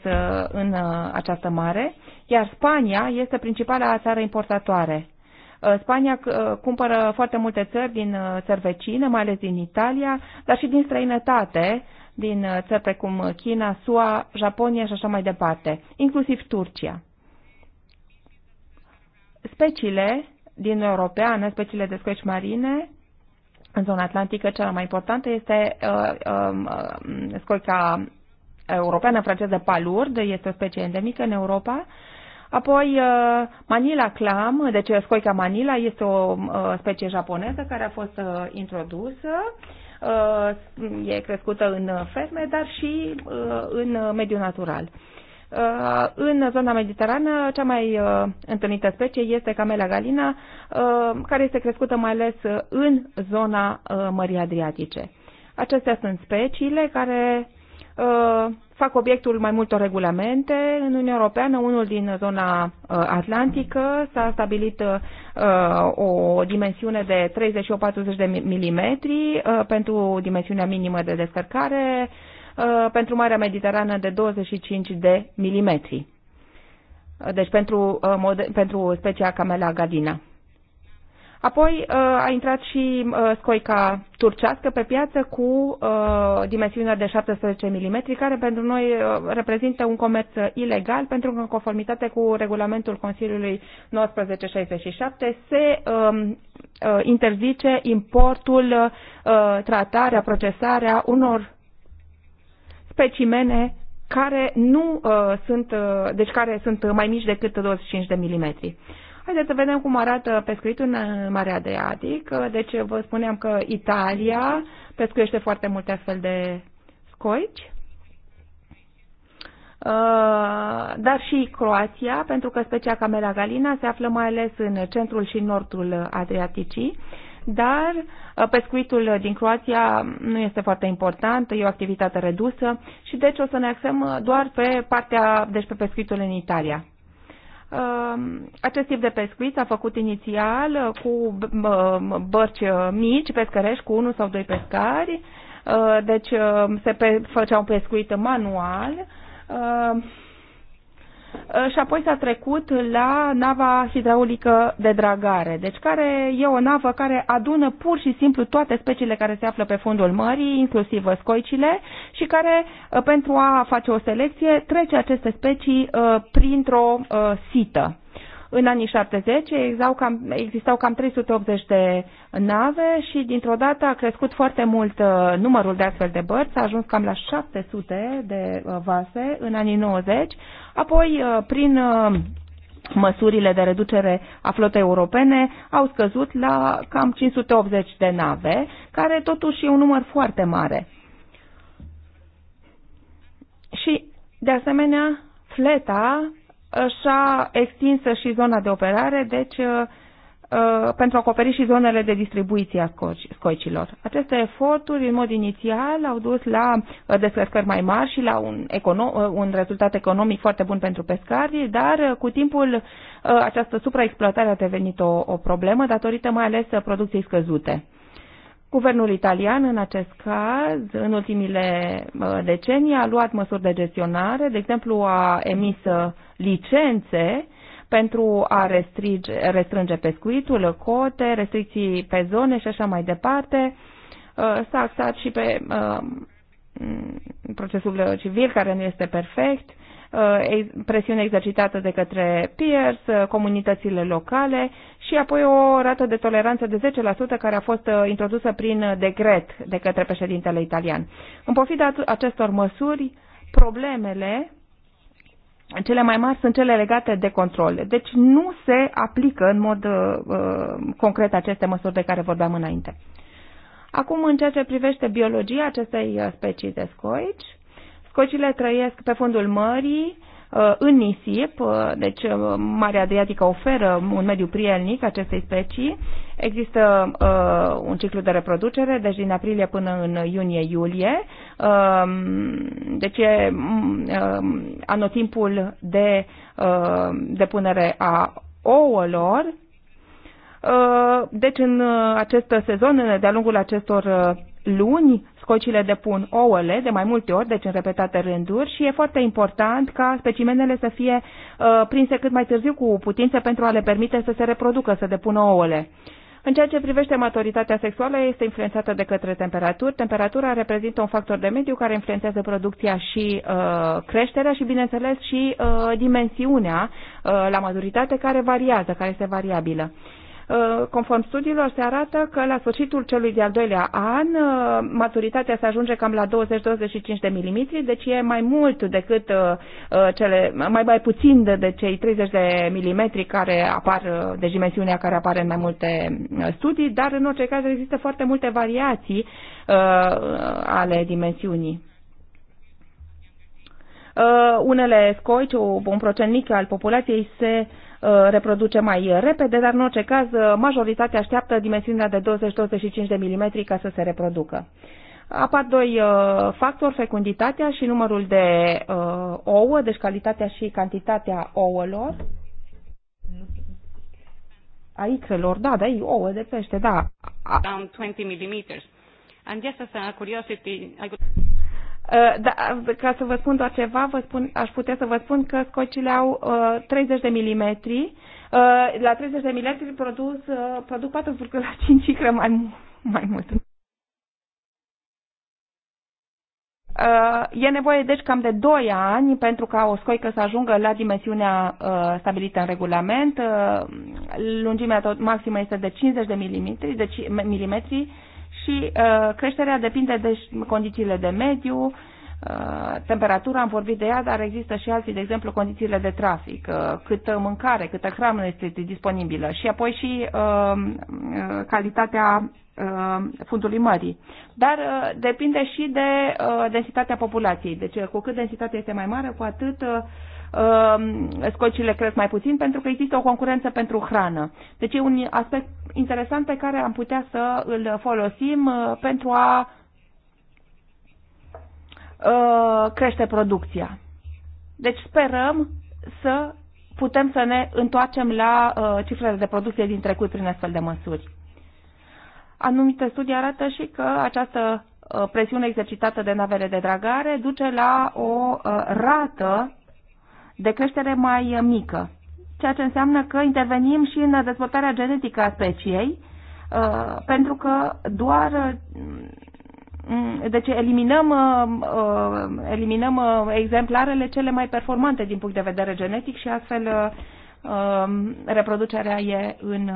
în această mare, iar Spania este principala țară importatoare. Spania cumpără foarte multe țări din țări vecine, mai ales din Italia, dar și din străinătate, din țări precum China, SUA, Japonia și așa mai departe, inclusiv Turcia. Speciile din Europeană, speciile de scoici marine, în zona atlantică, cea mai importantă este uh, um, uh, scoica europeană franceză palurd, este o specie endemică în Europa. Apoi uh, Manila clam, deci uh, scoica Manila este o uh, specie japoneză care a fost uh, introdusă. Uh, e crescută în ferme, dar și uh, în mediul natural. Uh, în zona mediterană, cea mai uh, întâlnită specie este Camelea galina, uh, care este crescută mai ales în zona Mării Adriatice. Acestea sunt speciile care fac obiectul mai multor regulamente. În Uniunea Europeană, unul din zona atlantică s-a stabilit o dimensiune de 30-40 de milimetri pentru dimensiunea minimă de descărcare. Uh, pentru Marea Mediterană de 25 de milimetri. Uh, deci pentru, uh, pentru specia Camela gadina. Apoi a intrat și scoica turcească pe piață cu dimensiunea de 17 mm, care pentru noi reprezintă un comerț ilegal, pentru că în conformitate cu regulamentul Consiliului 1967 se um, interzice importul, tratarea, procesarea unor specimene care nu uh, sunt, uh, deci care sunt mai mici decât 25 de milimetri. Haideți să vedem cum arată pescuitul în Marea Adriatică. Deci vă spuneam că Italia pescuiește foarte multe astfel de scoici. Uh, dar și Croația, pentru că specia Camera Galina se află mai ales în centrul și nordul Adriaticii. Uh, dar uh, pescuitul din Croația nu este foarte important, e o activitate redusă și deci o să ne axăm uh, doar pe partea, deci pe pescuitul în Italia. Uh, acest tip de pescuit s-a făcut inițial cu bărci mici, pescărești cu unul sau doi pescari, deci se făcea un pescuit manual Uh, și apoi s-a trecut la nava hidraulică de dragare, deci care e o navă care adună pur și simplu toate speciile care se află pe fundul mării, inclusiv scoicile, și care, uh, pentru a face o selecție, trece aceste specii uh, printr-o sită. În anii 70 existau cam, existau cam 380 de nave și dintr-o dată a crescut foarte mult uh, numărul de astfel de bărți, a ajuns cam la 700 de uh, vase în anii 90, apoi uh, prin măsurile de reducere a flotei europene au scăzut la cam 580 de nave, care totuși e un număr foarte mare. Și, de asemenea, fleta și-a extins și zona de operare, deci uh, uh, pentru a acoperi și zonele de distribuție a scoicilor. Aceste eforturi, în mod inițial, au dus la uh, descărcări mai mari și la un, econo- un rezultat economic foarte bun pentru pescari, dar cu timpul această supraexploatare a devenit o, o problemă, datorită mai ales producției scăzute. Guvernul italian, în acest caz, în ultimile decenii, a luat măsuri de gestionare, de exemplu, a emis uh, licențe pentru a restrige, restrânge pescuitul, cote, restricții pe zone și așa mai departe. Uh, s-a axat și pe uh, procesul civil, care nu este perfect Uh, presiune exercitată de către peers, uh, comunitățile locale și apoi o rată de toleranță de 10% care a fost uh, introdusă prin decret de către președintele italian. În pofida acestor măsuri, problemele cele mai mari sunt cele legate de control. Deci nu se aplică în mod uh, concret aceste măsuri de care vorbeam înainte. Acum, în ceea ce privește biologia acestei specii de scoici, Cocile trăiesc pe fundul mării, uh, în nisip, uh, deci uh, Marea Adriatică oferă un mediu prielnic acestei specii. Există uh, un ciclu de reproducere, deci din aprilie până în iunie-iulie. Uh, um, deci e uh, anotimpul de uh, depunere a ouălor. Uh, deci în acest sezon, de-a lungul acestor luni, Cocile depun ouăle de mai multe ori, deci în repetate rânduri și e foarte important ca specimenele să fie uh, prinse cât mai târziu cu putință pentru a le permite să se reproducă, să depună ouăle. În ceea ce privește maturitatea sexuală, este influențată de către temperaturi. Temperatura reprezintă un factor de mediu care influențează producția și uh, creșterea și, bineînțeles, și uh, dimensiunea uh, la maturitate care variază, care este variabilă. Uh, conform studiilor, se arată că la sfârșitul celui de-al doilea an, uh, maturitatea se ajunge cam la 20-25 de milimetri, deci e mai mult decât uh, cele, mai, mai puțin de, de cei 30 de milimetri care apar, de dimensiunea care apare în mai multe studii, dar în orice caz există foarte multe variații ale dimensiunii. Uh, unele scoici, un procent mic al populației se uh, Uh, reproduce mai repede, dar în orice caz uh, majoritatea așteaptă dimensiunea de 20-25 de milimetri ca să se reproducă. Apar doi uh, factori, fecunditatea și numărul de ouă, deci calitatea și cantitatea ouălor. A icrelor, da, da, e ouă de pește, da. 20 mm. And just as a curiosity, I could... Uh, da, ca să vă spun doar ceva, vă spun, aș putea să vă spun că scocile au uh, 30 de milimetri. Uh, la 30 de milimetri produs, uh, produc 4,5 cicră mai, mai mult. Uh, e nevoie deci cam de 2 ani pentru ca o scoică să ajungă la dimensiunea uh, stabilită în regulament. Uh, lungimea tot, maximă este de 50 de milimetri, deci, milimetri și uh, creșterea depinde de condițiile de mediu, uh, temperatura, am vorbit de ea, dar există și alții, de exemplu, condițiile de trafic, uh, câtă mâncare, câtă hramă este disponibilă și apoi și uh, uh calitatea uh, fundului mării. Dar uh, depinde și de densitatea populației. Deci cu cât densitatea este mai mare, cu atât Um, scocile cresc mai puțin pentru că există o concurență pentru hrană. Deci e un aspect interesant pe care am putea să îl folosim uh, pentru a uh, crește producția. Deci sperăm să putem să ne întoarcem la uh, cifrele de producție din trecut prin astfel de măsuri. Anumite studii arată și că această presiune exercitată de navele de dragare duce la o rată de creștere mai uh, mică, ceea ce înseamnă că intervenim și în dezvoltarea genetică a speciei, uh, pentru că doar uh, mm, deci eliminăm, eliminăm exemplarele cele mai performante din punct de vedere genetic și astfel reproducerea e în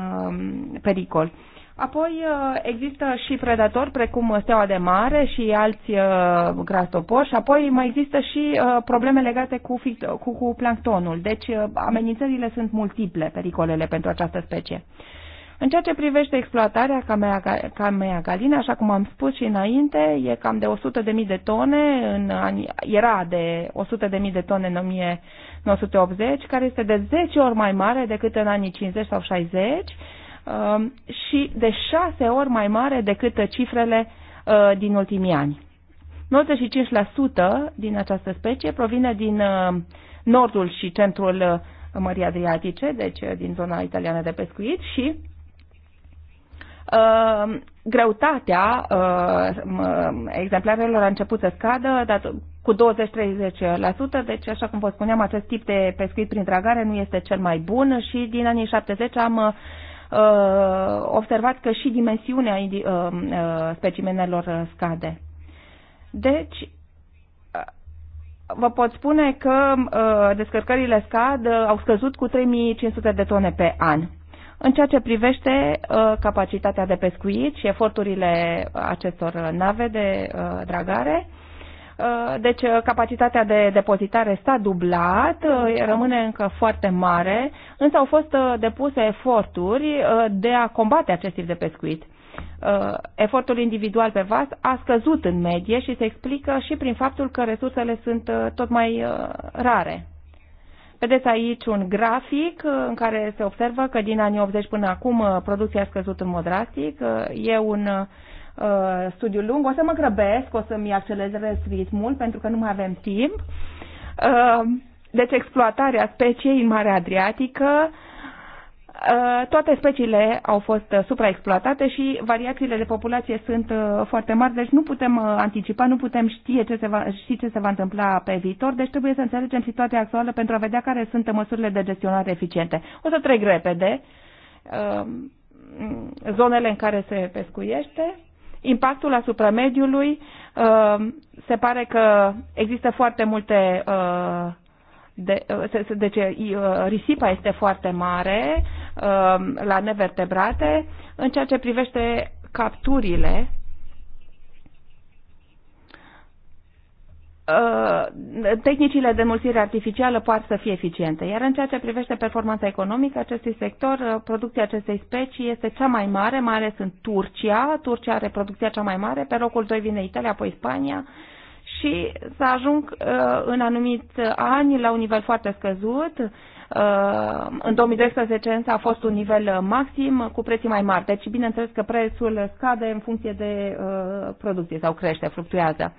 pericol. Apoi uh, există și predatori precum steaua de mare și alți uh, grastopoși, apoi mai există și uh, probleme legate cu, cu, cu planctonul, deci amenințările sunt multiple, pericolele pentru această specie. În ceea ce privește exploatarea camea galina, așa cum am spus și înainte, e cam de 100.000 de tone, în era de 100.000 de tone în 1980, care este de 10 ori mai mare decât în anii 50 sau 60, Um, și de șase ori mai mare decât cifrele uh, din ultimii ani. 95% din această specie provine din uh, nordul și centrul uh, Mării Adriatice, deci din zona italiană de pescuit și greutatea exemplarelor a început să scadă dar cu 20-30%, deci așa cum vă spuneam, acest tip de pescuit prin dragare nu este cel mai bun și din anii 70 am Uh, observați că și dimensiunea uh, uh, specimenelor scade. Deci, vă pot spune că descărcările scad, au scăzut cu 3500 de tone pe an. În ceea ce privește capacitatea de pescuit și eforturile acestor nave de dragare, Uh, deci uh, capacitatea de depozitare s-a dublat, uh, rămâne încă foarte mare, însă au fost depuse eforturi de a combate acest tip de pescuit. Efortul individual pe vas a scăzut în medie și se explică și prin faptul că resursele sunt tot mai rare. Vedeți aici un grafic în care se observă că din anii 80 până acum producția a scăzut în mod drastic. E un uh, lung. O să mă grăbesc, o să-mi accelerez ritmul pentru că nu mai avem timp. Uh, deci exploatarea speciei în Marea Adriatică, uh, toate speciile au fost uh, supraexploatate și variațiile de populație sunt uh, foarte mari, deci nu putem anticipa, nu putem ști ce se va, ști ce se va întâmpla pe viitor, deci trebuie să înțelegem situația actuală pentru a vedea care sunt măsurile de gestionare eficiente. O să trec repede zonele în care se pescuiește. Impactul asupra mediului, uh, se pare că există foarte multe uh, de, uh, deci risipa este foarte mare la nevertebrate în ceea ce privește capturile Uh, tehnicile de mulțire artificială poate să fie eficiente, iar în ceea ce privește performanța economică acestui sector, uh, producția acestei specii este cea mai mare, mai ales în Turcia. Turcia are producția cea mai mare, pe locul 2 vine Italia, apoi Spania și să ajung uh, în anumit ani la un nivel foarte scăzut. În 2012 însă a fost un nivel maxim cu preții mai mari, deci bineînțeles că prețul scade în funcție de producție sau crește, fluctuează.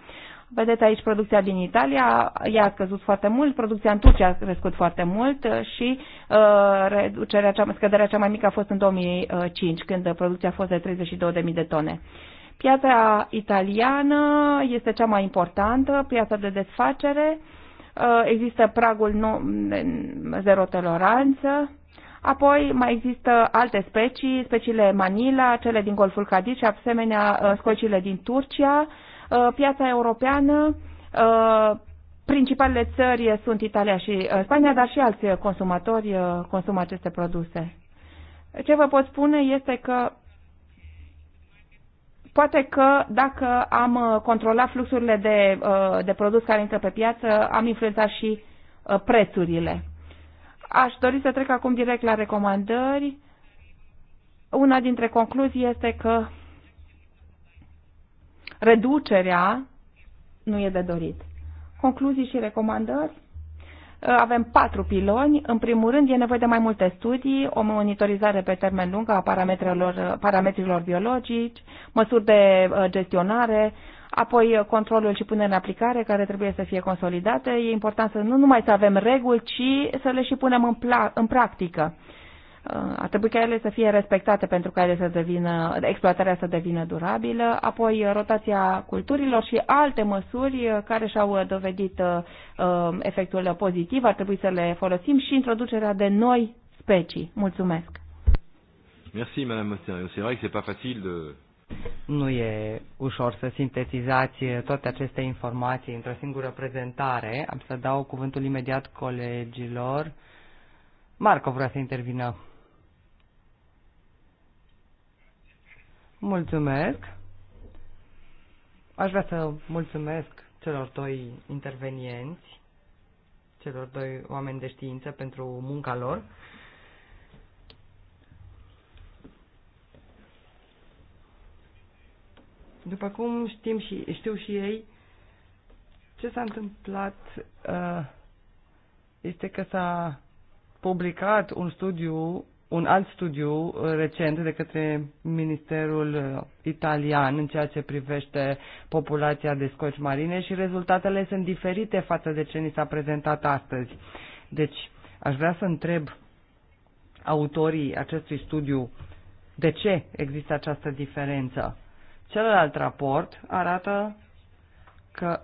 Vedeți aici producția din Italia, ea a scăzut foarte mult, producția în Turcia a crescut foarte mult uh, și uh, reducerea cea, scăderea cea mai mică a fost în 2005, când producția a fost de 32.000 de tone. Piața italiană este cea mai importantă, piața de desfacere, uh, există pragul no, zero toleranță, Apoi mai există alte specii, speciile Manila, cele din Golful Cadiz și asemenea uh, scocile din Turcia, Uh, piața europeană, uh, principalele țări sunt Italia și uh, Spania, dar și alți consumatori consumă aceste produse. Ce vă pot spune este că poate că dacă am controlat fluxurile de, de produs care intră pe piață, am influențat și prețurile. Aș dori să trec acum direct la recomandări. Una dintre concluzii este că reducerea nu e de dorit. Concluzii și recomandări? Uh, avem patru piloni. În primul rând, e nevoie de mai multe studii, o monitorizare pe termen lung a parametrilor, parametrilor biologici, măsuri de uh, gestionare, apoi uh, controlul și punerea în aplicare, care trebuie să fie consolidate. E important să nu numai să avem reguli, ci să le și punem în, în practică. Uh, ar trebui ca ele să fie respectate pentru ca ele să devină, exploatarea să devină durabilă, apoi uh, rotația culturilor și alte măsuri uh, care și-au dovedit efectul pozitiv, ar trebui să le folosim și introducerea de noi specii. Mulțumesc! Merci, Madame Mosterio. C'est vrai que c'est pas facile de... Nu e ușor să sintetizați toate aceste informații într-o singură prezentare. Am să dau cuvântul imediat colegilor. Marco vrea să intervină. Mulțumesc. Aș vrea să mulțumesc celor doi intervenienți, celor doi oameni de știință pentru munca lor. După cum știm și, știu și ei, ce s-a întâmplat uh, este că s-a publicat un studiu un alt studiu uh, recent de către Ministerul uh, Italian în ceea ce privește populația de scoci marine și rezultatele sunt diferite față de ce ni s-a prezentat astăzi. Deci, aș vrea să întreb autorii acestui studiu de ce există această diferență. Celălalt raport arată că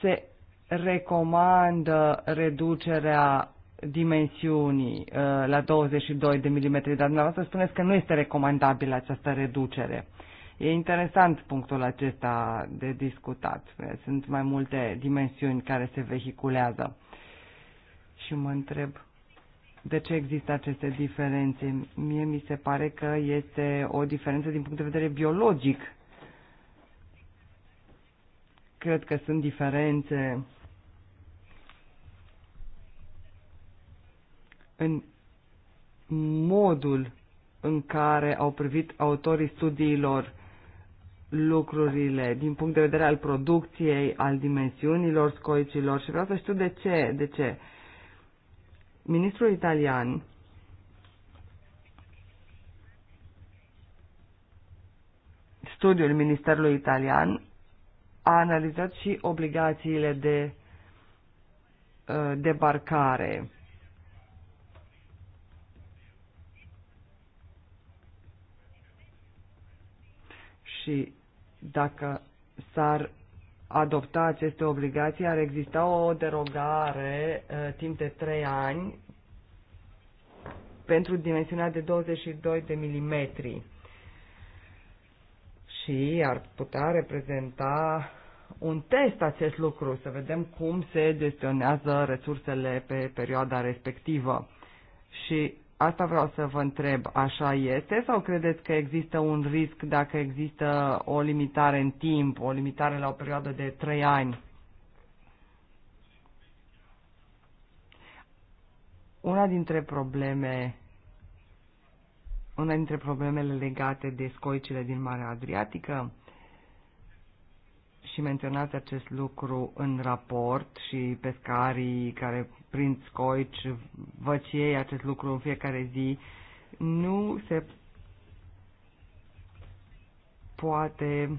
se recomandă reducerea dimensiunii uh, la 22 de mm, dar dumneavoastră spuneți că nu este recomandabilă această reducere. E interesant punctul acesta de discutat. Sunt mai multe dimensiuni care se vehiculează. Și mă întreb de ce există aceste diferențe. Mie mi se pare că este o diferență din punct de vedere biologic. Cred că sunt diferențe în modul în care au privit autorii studiilor lucrurile din punct de vedere al producției, al dimensiunilor scoicilor și vreau să știu de ce, de ce. Ministrul italian studiul Ministerului Italian a analizat și obligațiile de uh, debarcare și dacă s-ar adopta aceste obligații, ar exista o derogare uh, timp de 3 ani pentru dimensiunea de 22 de milimetri și ar putea reprezenta un test acest lucru, să vedem cum se gestionează resursele pe perioada respectivă. Și Asta vreau să vă întreb, așa este sau credeți că există un risc dacă există o limitare în timp, o limitare la o perioadă de trei ani? Una dintre probleme una dintre problemele legate de scoicile din Marea Adriatică și menționați acest lucru în raport și pescarii care prind scoici văd și ei acest lucru în fiecare zi, nu se poate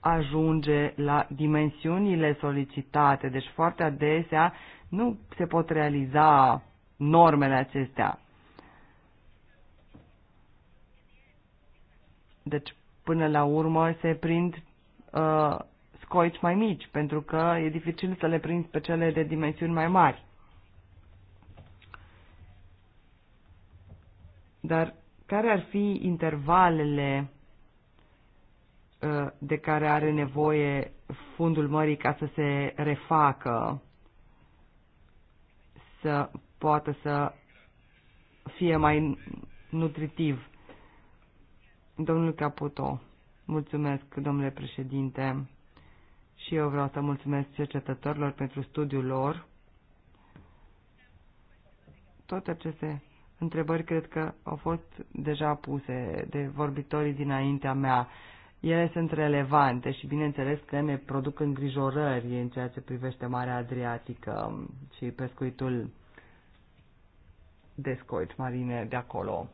ajunge la dimensiunile solicitate. Deci foarte adesea nu se pot realiza normele acestea. Deci până la urmă se prind uh, scoici mai mici, pentru că e dificil să le prinzi pe cele de dimensiuni mai mari. Dar care ar fi intervalele uh, de care are nevoie fundul mării ca să se refacă, să poată să fie mai nutritiv? Domnul Caputo, mulțumesc, domnule președinte, și eu vreau să mulțumesc cercetătorilor pentru studiul lor. Toate aceste întrebări cred că au fost deja puse de vorbitorii dinaintea mea. Ele sunt relevante și bineînțeles că ne produc îngrijorări în ceea ce privește Marea Adriatică și pescuitul de scoici marine de acolo.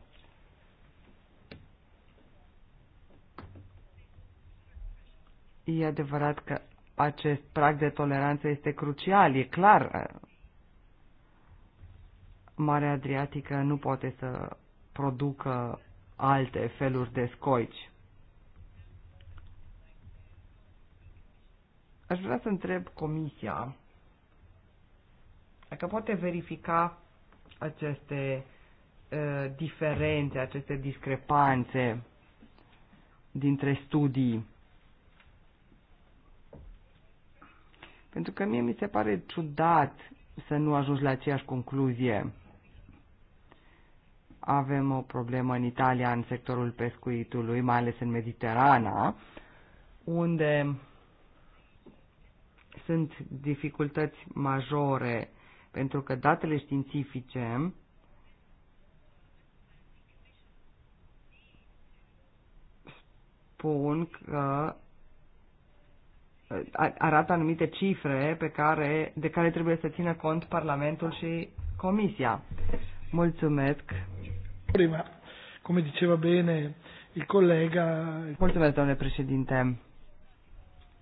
E adevărat că acest prag de toleranță este crucial, e clar. Marea Adriatică nu poate să producă alte feluri de scoici. Aș vrea să întreb comisia dacă poate verifica aceste uh, diferențe, aceste discrepanțe dintre studii Pentru că mie mi se pare ciudat să nu ajungi la aceeași concluzie. Avem o problemă în Italia, în sectorul pescuitului, mai ales în Mediterana, unde sunt dificultăți majore, pentru că datele științifice spun că arată anumite cifre pe care, de care trebuie să țină cont Parlamentul și Comisia. Mulțumesc. Prima, cum diceva bine il colega... Mulțumesc, domnule președinte.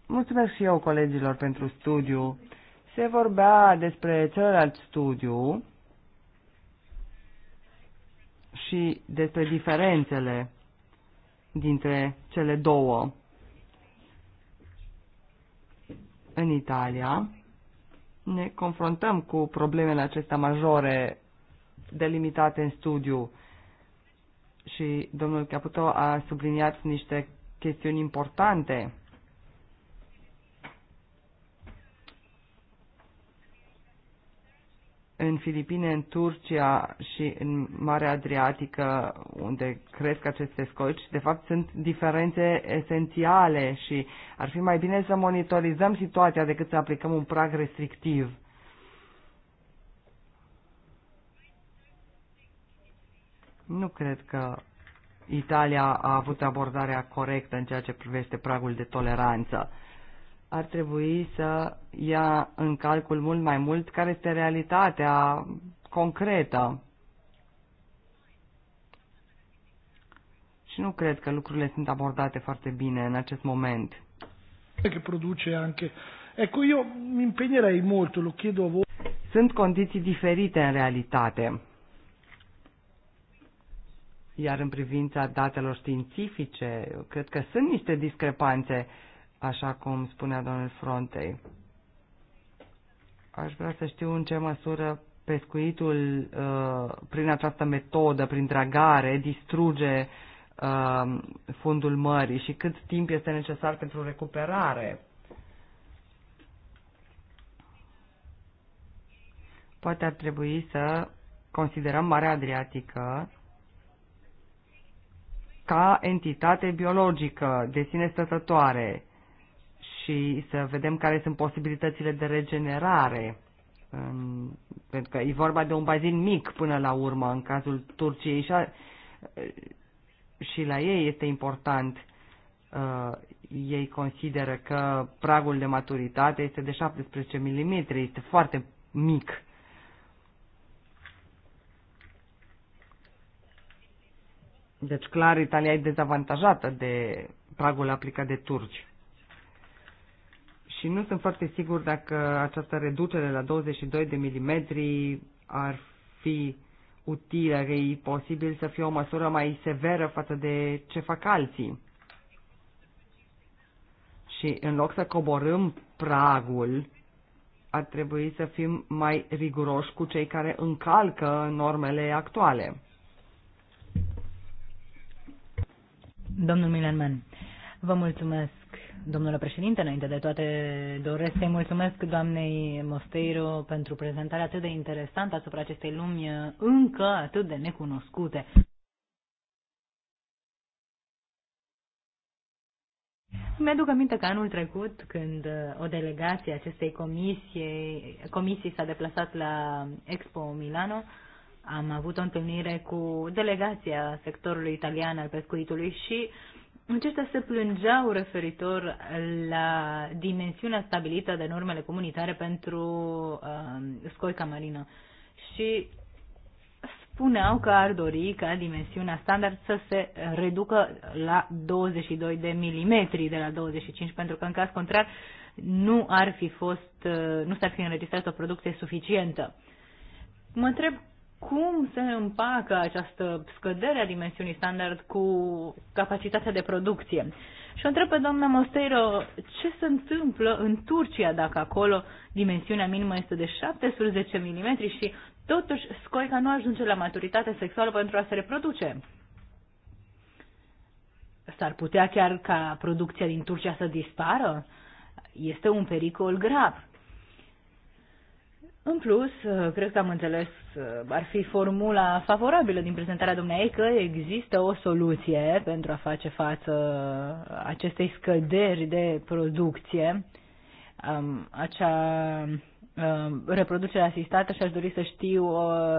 Mulțumesc și eu colegilor pentru studiu. Se vorbea despre celălalt studiu și despre diferențele dintre cele două. în Italia ne confruntăm cu problemele acestea majore delimitate în studiu și domnul Caputo a subliniat niște chestiuni importante în Filipine, în Turcia și în Marea Adriatică, unde cresc aceste scoci, de fapt sunt diferențe esențiale și ar fi mai bine să monitorizăm situația decât să aplicăm un prag restrictiv. Nu cred că Italia a avut abordarea corectă în ceea ce privește pragul de toleranță ar trebui să ia în calcul mult mai mult care este realitatea concretă. Și nu cred că lucrurile sunt abordate foarte bine în acest moment. Che produce anche. Ecco, io mi impegnerei molto, lo chiedo a voi. Sunt condiții diferite în realitate. Iar în privința datelor științifice, cred că sunt niște discrepanțe așa cum spunea domnul Frontei. Aș vrea să știu în ce măsură pescuitul uh, prin această metodă, prin dragare, distruge uh, fundul mării și cât timp este necesar pentru recuperare. Poate ar trebui să considerăm Marea Adriatică ca entitate biologică de sine stătătoare, și să vedem care sunt posibilitățile de regenerare. Pentru că e vorba de un bazin mic până la urmă în cazul Turciei și, a, și la ei este important. Uh, ei consideră că pragul de maturitate este de 17 mm, este foarte mic. Deci clar Italia e dezavantajată de pragul aplicat de turci și nu sunt foarte sigur dacă această reducere la 22 de milimetri ar fi utilă, că e posibil să fie o măsură mai severă față de ce fac alții. Și în loc să coborâm pragul, ar trebui să fim mai riguroși cu cei care încalcă normele actuale. Domnul Milenman, vă mulțumesc Domnule președinte, înainte de toate, doresc să-i mulțumesc doamnei Mosteiro pentru prezentarea atât de interesantă asupra acestei lumi încă atât de necunoscute. Mi-aduc aminte că anul trecut, când o delegație acestei comisiei, comisii s-a deplasat la Expo Milano, am avut o întâlnire cu delegația sectorului italian al pescuitului și uh, Acestea se plângeau referitor la dimensiunea stabilită de normele comunitare pentru uh, scoica marină și spuneau că ar dori ca dimensiunea standard să se reducă la 22 de milimetri de la 25, pentru că în caz contrar nu ar fi fost, uh, nu s-ar fi înregistrat o producție suficientă. Mă întreb cum se împacă această scădere a dimensiunii standard cu capacitatea de producție. Și o întreb pe doamna Mosteiro ce se întâmplă în Turcia dacă acolo dimensiunea minimă este de 17 mm și totuși scoica nu ajunge la maturitate sexuală pentru a se reproduce. S-ar putea chiar ca producția din Turcia să dispară? Este un pericol grav. În plus, uh, cred că am înțeles, uh, ar fi formula favorabilă din prezentarea dumneavoastră că există o soluție pentru a face față acestei scăderi de producție, um, acea um, reproducere asistată și aș dori să știu uh,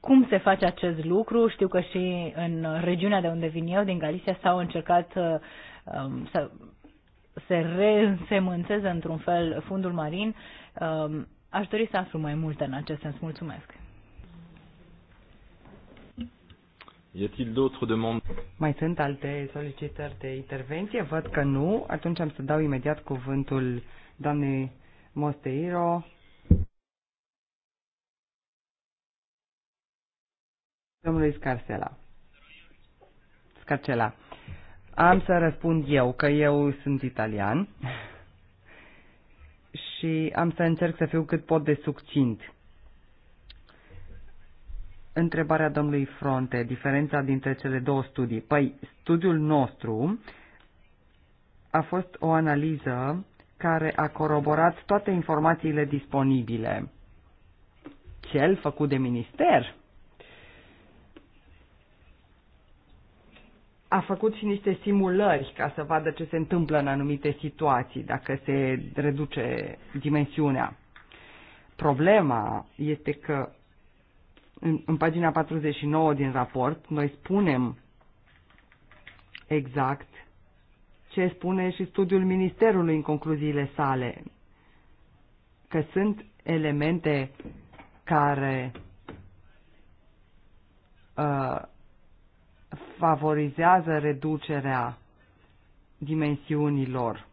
cum se face acest lucru. Știu că și în regiunea de unde vin eu, din Galicia, s-au încercat um, să se reînsemânțeze într-un fel fundul marin Aș dori să aflu mai multe în acest sens. Mulțumesc. Mai sunt alte solicitări de intervenție? Văd că nu. Atunci am să dau imediat cuvântul doamnei Mosteiro. Domnului Scarcela. Scarcela. Am să răspund eu, că eu sunt italian și am să încerc să fiu cât pot de succint. Întrebarea domnului Fronte, diferența dintre cele două studii. Păi, studiul nostru a fost o analiză care a coroborat toate informațiile disponibile. Cel făcut de minister a făcut și niște simulări ca să vadă ce se întâmplă în anumite situații, dacă se reduce dimensiunea. Problema este că în, în pagina 49 din raport noi spunem exact ce spune și studiul Ministerului în concluziile sale, că sunt elemente care uh, favorizează reducerea dimensiunilor,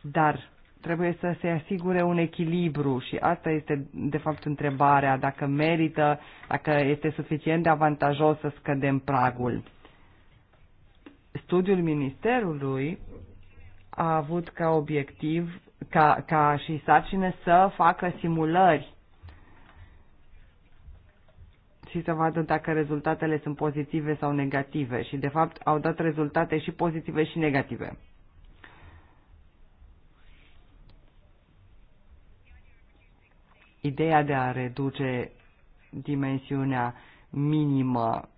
dar trebuie să se asigure un echilibru și asta este de fapt întrebarea, dacă merită, dacă este suficient de avantajos să scădem pragul. Studiul Ministerului a avut ca obiectiv, ca, ca și sarcină, să facă simulări și să vadă dacă rezultatele sunt pozitive sau negative și de fapt au dat rezultate și pozitive și negative. Ideea de a reduce dimensiunea minimă,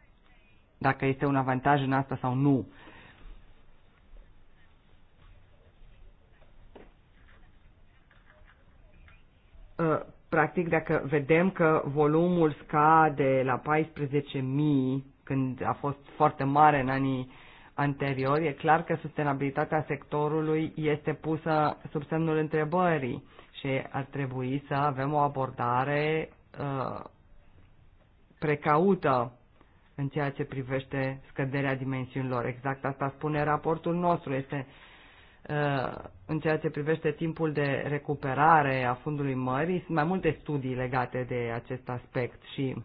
dacă este un avantaj în asta sau nu, practic, dacă vedem că volumul scade la 14.000, când a fost foarte mare în anii anteriori, e clar că sustenabilitatea sectorului este pusă sub semnul întrebării și ar trebui să avem o abordare uh, precaută în ceea ce privește scăderea dimensiunilor. Exact asta spune raportul nostru. Este Uh, în ceea ce privește timpul de recuperare a fundului mării. Sunt mai multe studii legate de acest aspect și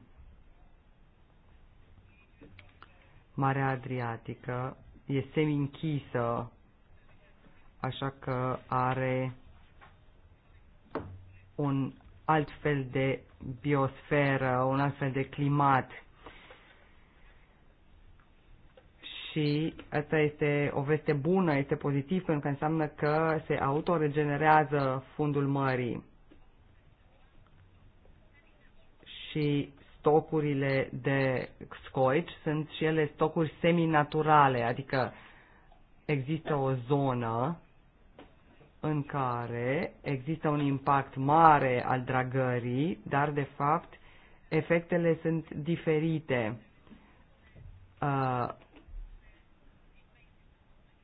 Marea Adriatică e semi-închisă, așa că are un alt fel de biosferă, un alt fel de climat și asta este o veste bună, este pozitiv pentru că înseamnă că se autoregenerează fundul mării și stocurile de scoici sunt și ele stocuri seminaturale, adică există o zonă în care există un impact mare al dragării, dar de fapt efectele sunt diferite. Uh,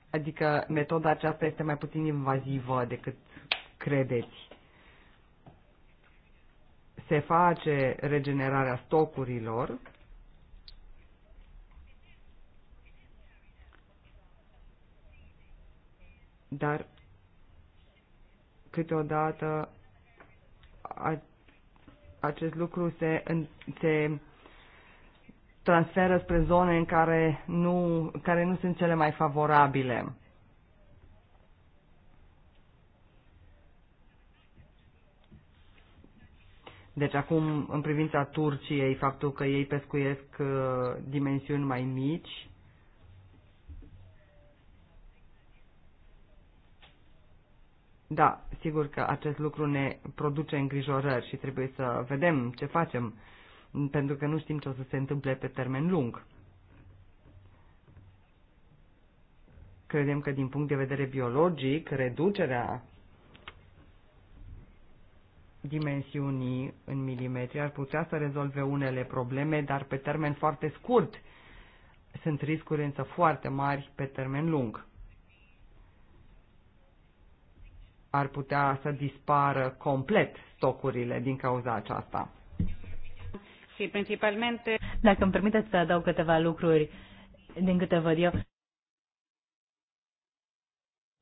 Adică metoda aceasta este mai puțin invazivă decât credeți. Se face regenerarea stocurilor, dar câteodată a, acest lucru se, se transferă spre zone în care nu, care nu sunt cele mai favorabile. Deci acum, în privința Turciei, faptul că ei pescuiesc uh, dimensiuni mai mici, Da, sigur că acest lucru ne produce îngrijorări și trebuie să vedem ce facem pentru că nu știm ce o să se întâmple pe termen lung. Credem că din punct de vedere biologic, reducerea dimensiunii în milimetri ar putea să rezolve unele probleme, dar pe termen foarte scurt. Sunt riscuri însă foarte mari pe termen lung. Ar putea să dispară complet stocurile din cauza aceasta și principalmente... Dacă îmi permiteți să adaug câteva lucruri din câte văd eu.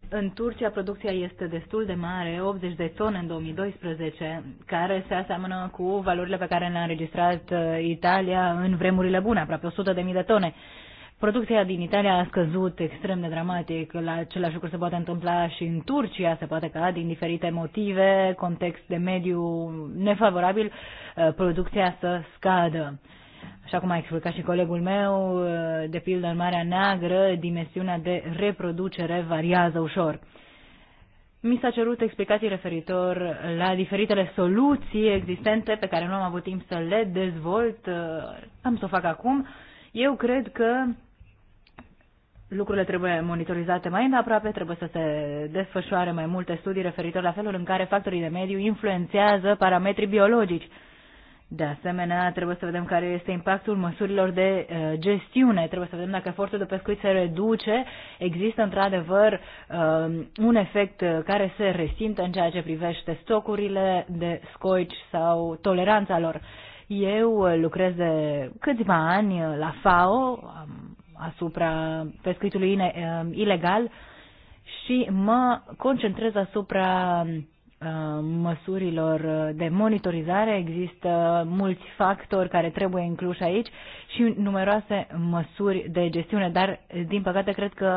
În Turcia producția este destul de mare, 80 de tone în 2012, care se aseamănă cu valorile pe care le-a înregistrat uh, Italia în vremurile bune, aproape 100.000 de tone. Producția din Italia a scăzut extrem de dramatic. La același lucru se poate întâmpla și în Turcia, se poate ca din diferite motive, context de mediu nefavorabil, uh, producția să scadă. Așa cum a explicat și colegul meu, uh, de pildă în Marea Neagră, dimensiunea de reproducere variază ușor. Mi s-a cerut explicații referitor la diferitele soluții existente pe care nu am avut timp să le dezvolt. Uh, am să o fac acum. Eu cred că lucrurile trebuie monitorizate mai îndeaproape, trebuie să se desfășoare mai multe studii referitor la felul în care factorii de mediu influențează parametrii biologici. De asemenea, trebuie să vedem care este impactul măsurilor de uh, gestiune, trebuie să vedem dacă efortul de pescuit se reduce, există într-adevăr uh, un efect uh, care se resimte în ceea ce privește stocurile de scoici sau toleranța lor. Eu uh, lucrez de câțiva ani uh, la FAO, am asupra pescuitului um, ilegal și mă concentrez asupra um, măsurilor de monitorizare. Există mulți factori care trebuie incluși aici și numeroase măsuri de gestiune, dar din păcate cred că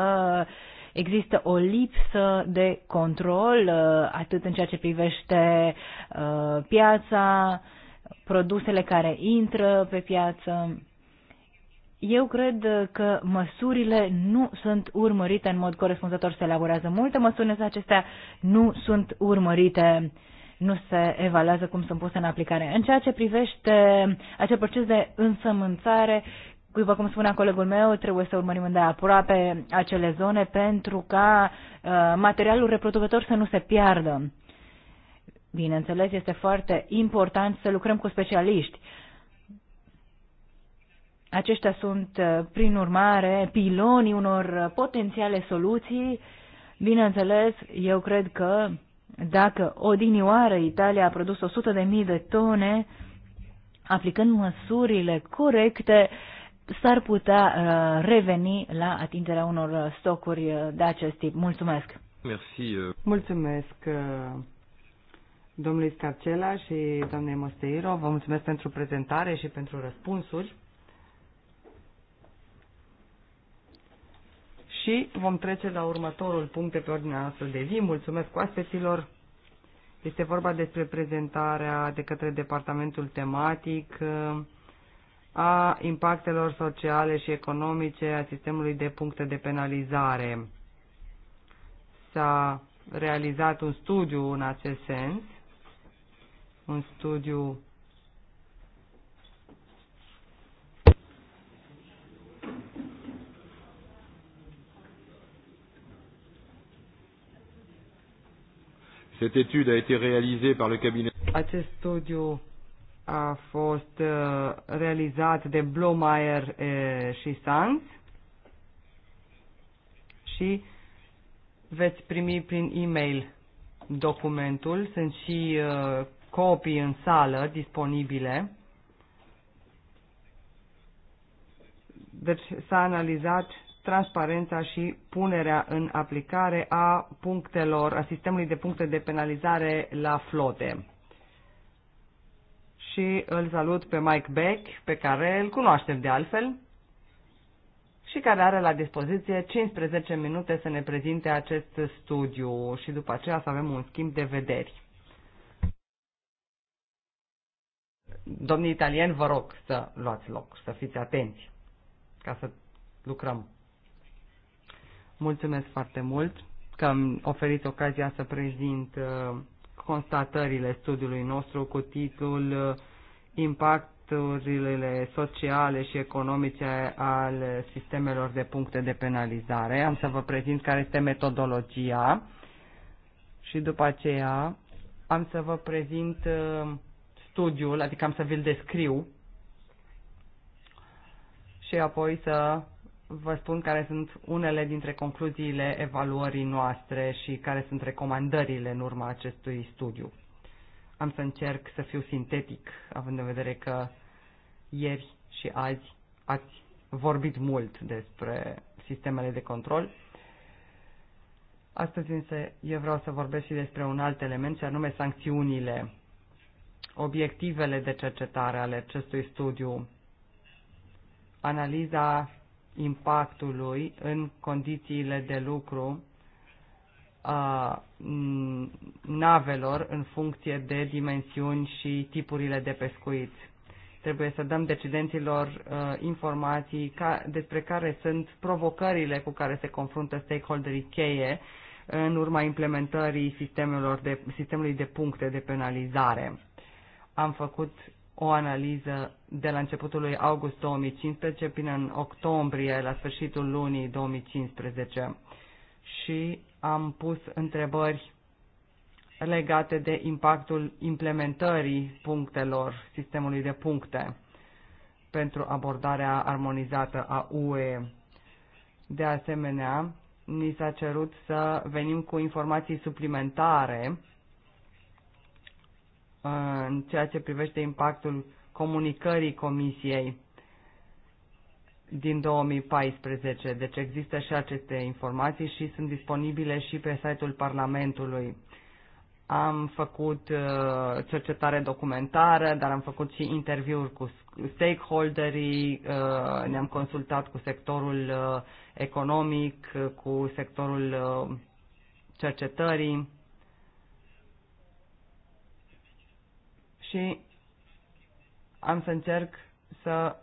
există o lipsă de control uh, atât în ceea ce privește uh, piața, produsele care intră pe piață eu cred că măsurile nu sunt urmărite în mod corespunzător. Se elaborează multe măsuri, însă acestea nu sunt urmărite, nu se evaluează cum sunt puse în aplicare. În ceea ce privește acel proces de însămânțare, după cum spunea colegul meu, trebuie să urmărim îndeaproape acele zone pentru ca uh, materialul reproducător să nu se piardă. Bineînțeles, este foarte important să lucrăm cu specialiști. Uh, aceștia sunt, uh, prin urmare, pilonii unor uh, potențiale soluții. Bineînțeles, eu cred că dacă odinioară Italia a produs 100.000 de de tone, aplicând măsurile corecte, s-ar putea uh, reveni la atingerea unor stocuri de acest tip. Mulțumesc! Merci. Mulțumesc domnului Scarcela și doamnei Mosteiro. Vă mulțumesc pentru prezentare și pentru răspunsuri. și vom trece la următorul punct de pe ordinea noastră de zi. Mulțumesc oaspeților. Este vorba despre prezentarea de către departamentul tematic uh, a impactelor sociale și economice a sistemului de puncte de penalizare. S-a realizat un studiu în acest sens, un studiu Cette étude a été réalisée par le cabinet. Acest studiu a fost uh, realizat de Blomeyer uh, și Sanz și veți primi prin e-mail documentul. Sunt și uh, copii în sală disponibile. Deci s-a analizat transparența și punerea în aplicare a punctelor, a sistemului de puncte de penalizare la flote. Și îl salut pe Mike Beck, pe care îl cunoaștem de altfel, și care are la dispoziție 15 minute să ne prezinte acest studiu și după aceea să avem un schimb de vederi. Domnii italieni, vă rog să luați loc, să fiți atenți, ca să lucrăm Mulțumesc foarte mult că am oferit ocazia să prezint uh, constatările studiului nostru cu titlul uh, Impacturile sociale și economice ale sistemelor de puncte de penalizare. Am să vă prezint care este metodologia și după aceea am să vă prezint uh, studiul, adică am să vi-l descriu și apoi să vă spun care sunt unele dintre concluziile evaluării noastre și care sunt recomandările în urma acestui studiu. Am să încerc să fiu sintetic, având în vedere că ieri și azi ați vorbit mult despre sistemele de control. Astăzi însă eu vreau să vorbesc și despre un alt element, și anume sancțiunile. Obiectivele de cercetare ale acestui studiu, analiza impactului în condițiile de lucru a navelor în funcție de dimensiuni și tipurile de pescuit. Trebuie să dăm decidenților uh, informații ca, despre care sunt provocările cu care se confruntă stakeholderii cheie în urma implementării sistemelor de, sistemului de puncte de penalizare. Am făcut o analiză de la începutul lui august 2015 până în octombrie, la sfârșitul lunii 2015. Și am pus întrebări legate de impactul implementării punctelor sistemului de puncte pentru abordarea armonizată a UE. De asemenea, ni s-a cerut să venim cu informații suplimentare Uh, în ceea ce privește impactul comunicării Comisiei din 2014. Deci există și aceste informații și sunt disponibile și pe site-ul Parlamentului. Am făcut uh, cercetare documentară, dar am făcut și interviuri cu stakeholderii, uh, ne-am consultat cu sectorul economic, cu sectorul cercetării și am să încerc să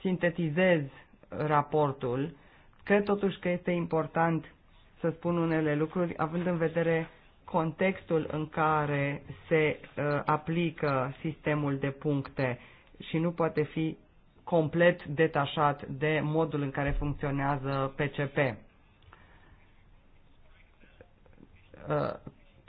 sintetizez raportul. Cred totuși că este important să spun unele lucruri, având în vedere contextul în care se uh, aplică sistemul de puncte și nu poate fi complet detașat de modul în care funcționează PCP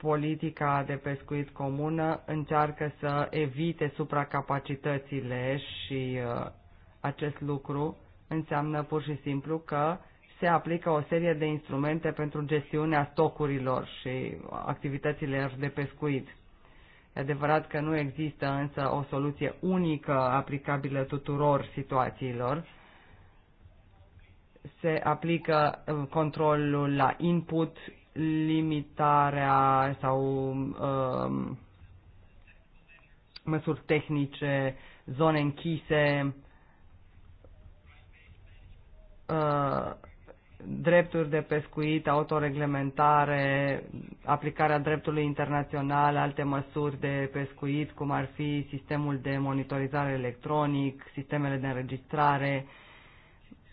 politica de pescuit comună încearcă să evite supracapacitățile și uh, acest lucru înseamnă pur și simplu că se aplică o serie de instrumente pentru gestiunea stocurilor și activitățile de pescuit. E adevărat că nu există însă o soluție unică aplicabilă tuturor situațiilor. Se aplică uh, controlul la input, limitarea sau um, măsuri tehnice, zone închise, uh, drepturi de pescuit, autoreglementare, aplicarea dreptului internațional, alte măsuri de pescuit, cum ar fi sistemul de monitorizare electronic, sistemele de înregistrare.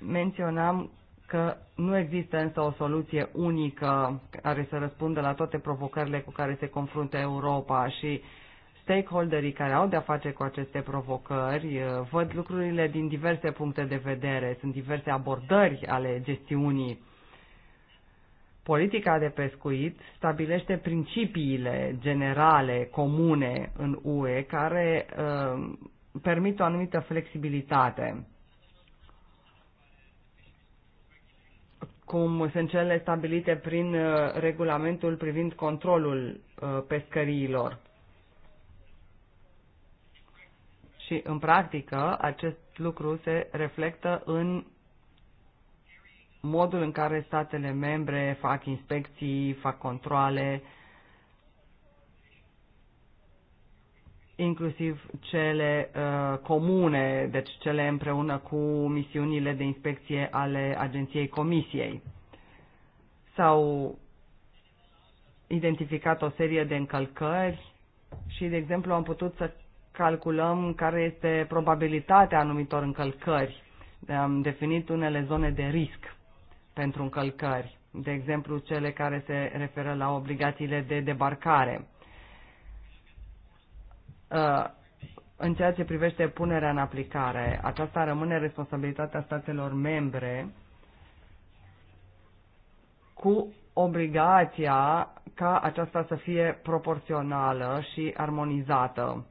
Menționam că nu există însă o soluție unică care să răspundă la toate provocările cu care se confruntă Europa și stakeholderii care au de-a face cu aceste provocări uh, văd lucrurile din diverse puncte de vedere, sunt diverse abordări ale gestiunii. Politica de pescuit stabilește principiile generale, comune în UE, care uh, permit o anumită flexibilitate cum sunt cele stabilite prin uh, regulamentul privind controlul uh, pescăriilor. Și în practică acest lucru se reflectă în modul în care statele membre fac inspecții, fac controle, uh, inclusiv cele uh, comune, deci cele împreună cu misiunile de inspecție ale agenției comisiei. S-au identificat o serie de încălcări și, de exemplu, am putut să calculăm care este probabilitatea anumitor încălcări. Am definit unele zone de risc pentru încălcări, de exemplu cele care se referă la obligațiile de debarcare Uh, în ceea ce privește punerea în aplicare, aceasta rămâne responsabilitatea statelor membre cu obligația ca aceasta să fie proporțională și armonizată.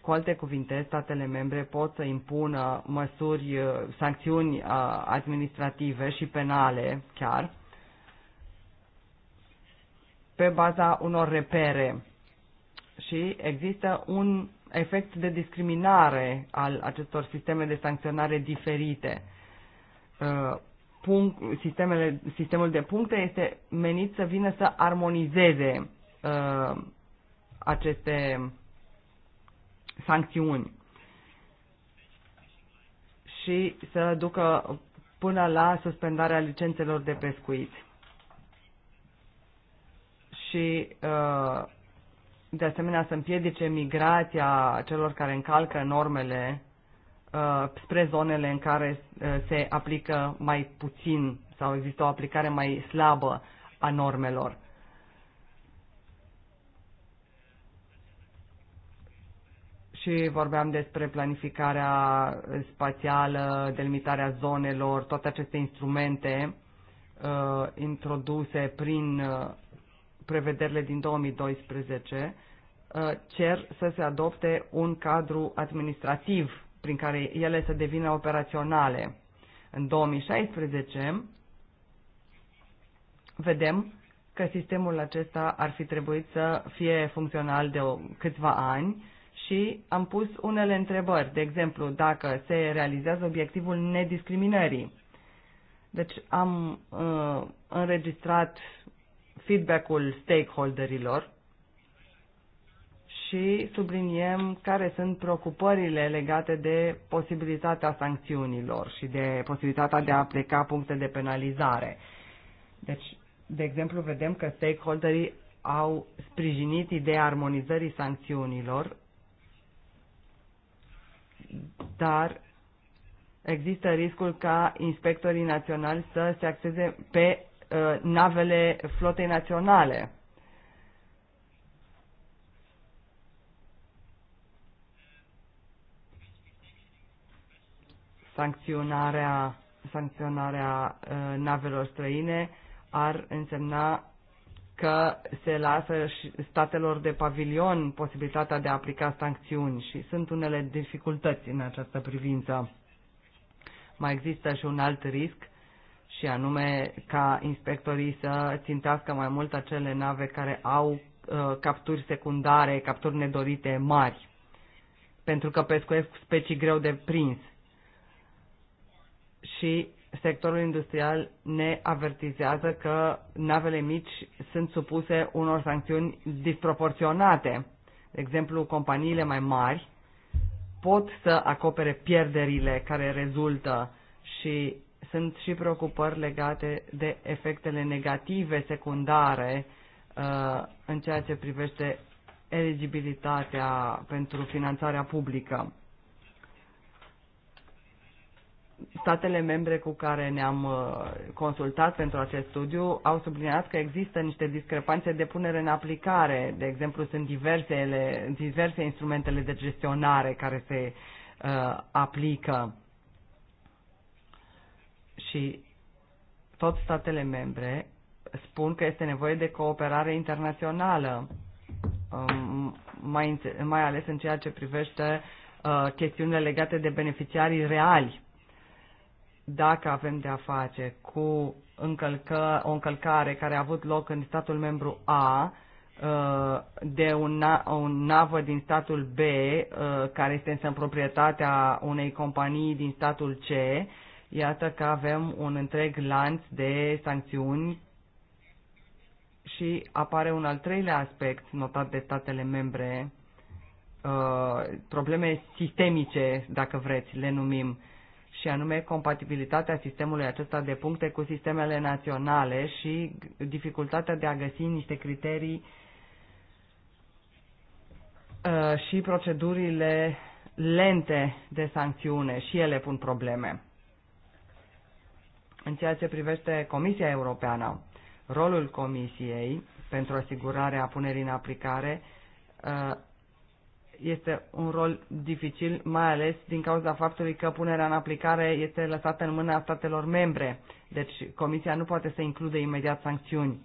Cu alte cuvinte, statele membre pot să impună măsuri, uh, sancțiuni uh, administrative și penale chiar, pe baza unor repere și există un efect de discriminare al acestor sisteme de sancționare diferite. Uh, sistemele, sistemul de puncte este menit să vină să armonizeze uh, aceste sancțiuni și să ducă până la suspendarea licențelor de pescuit. Și uh, de asemenea să împiedice migrația celor care încalcă normele uh, spre zonele în care uh, se aplică mai puțin sau există o aplicare mai slabă a normelor. și vorbeam despre planificarea spațială, delimitarea zonelor, toate aceste instrumente uh, introduse prin uh, prevederile din 2012 uh, cer să se adopte un cadru administrativ prin care ele să devină operaționale. În 2016 vedem că sistemul acesta ar fi trebuit să fie funcțional de câțiva ani și am pus unele întrebări, de exemplu, dacă se realizează obiectivul nediscriminării. Deci am uh, înregistrat feedback-ul stakeholderilor și subliniem care sunt preocupările legate de posibilitatea sancțiunilor și de posibilitatea de a aplica puncte de penalizare. Deci, de exemplu, vedem că stakeholderii au sprijinit ideea armonizării sancțiunilor, dar există riscul ca inspectorii naționali să se axeze pe Uh, navele flotei naționale. Sancționarea, sancționarea uh, navelor străine ar însemna că se lasă și statelor de pavilion posibilitatea de a aplica sancțiuni și sunt unele dificultăți în această privință. Mai există și un alt risc și anume ca inspectorii să țintească mai mult acele nave care au uh, capturi secundare, capturi nedorite mari, pentru că pescuiesc specii greu de prins. Și sectorul industrial ne avertizează că navele mici sunt supuse unor sancțiuni disproporționate. De exemplu, companiile mai mari pot să acopere pierderile care rezultă și sunt și preocupări legate de efectele negative secundare uh, în ceea ce privește eligibilitatea pentru finanțarea publică. Statele membre cu care ne-am uh, consultat pentru acest studiu au subliniat că există niște discrepanțe de punere în aplicare. De exemplu, sunt diversele, diverse instrumentele de gestionare care se uh, aplică și tot statele membre spun că este nevoie de cooperare internațională, um, mai, mai ales în ceea ce privește uh, chestiunile legate de beneficiarii reali. Dacă avem de-a face cu încălcă, o încălcare care a avut loc în statul membru A, uh, de un, un navă din statul B, uh, care este însă în proprietatea unei companii din statul C, Iată că avem un întreg lanț de sancțiuni și apare un al treilea aspect notat de statele membre, uh, probleme sistemice, dacă vreți, le numim, și anume compatibilitatea sistemului acesta de puncte cu sistemele naționale și dificultatea de a găsi niște criterii uh, și procedurile lente de sancțiune și ele pun probleme. În ceea ce privește Comisia Europeană, rolul Comisiei pentru asigurarea punerii în aplicare uh, este un rol dificil, mai ales din cauza faptului că punerea în aplicare este lăsată în mâna statelor membre. Deci Comisia nu poate să include imediat sancțiuni.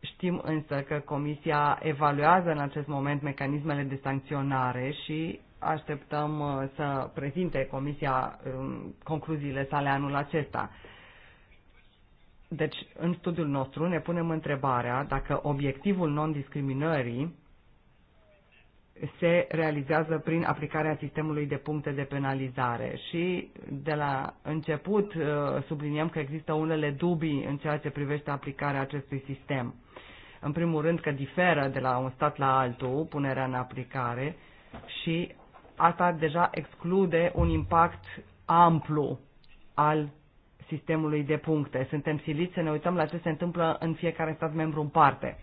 Știm însă că Comisia evaluează în acest moment mecanismele de sancționare și așteptăm uh, să prezinte Comisia um, concluziile sale anul acesta. Deci, în studiul nostru ne punem întrebarea dacă obiectivul non-discriminării se realizează prin aplicarea sistemului de puncte de penalizare și de la început uh, subliniem că există unele dubii în ceea ce privește aplicarea acestui sistem. În primul rând că diferă de la un stat la altul punerea în aplicare și asta deja exclude un impact amplu al sistemului de puncte. Suntem siliți să ne uităm la ce se întâmplă în fiecare stat membru în parte.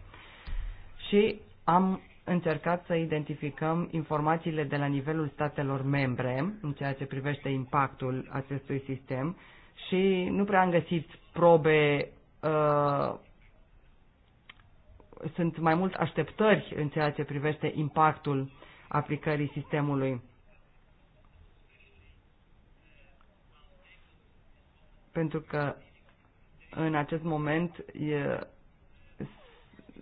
Și am încercat să identificăm informațiile de la nivelul statelor membre în ceea ce privește impactul acestui sistem și nu prea am găsit probe. Uh, sunt mai mult așteptări în ceea ce privește impactul aplicării sistemului. pentru că în acest moment e,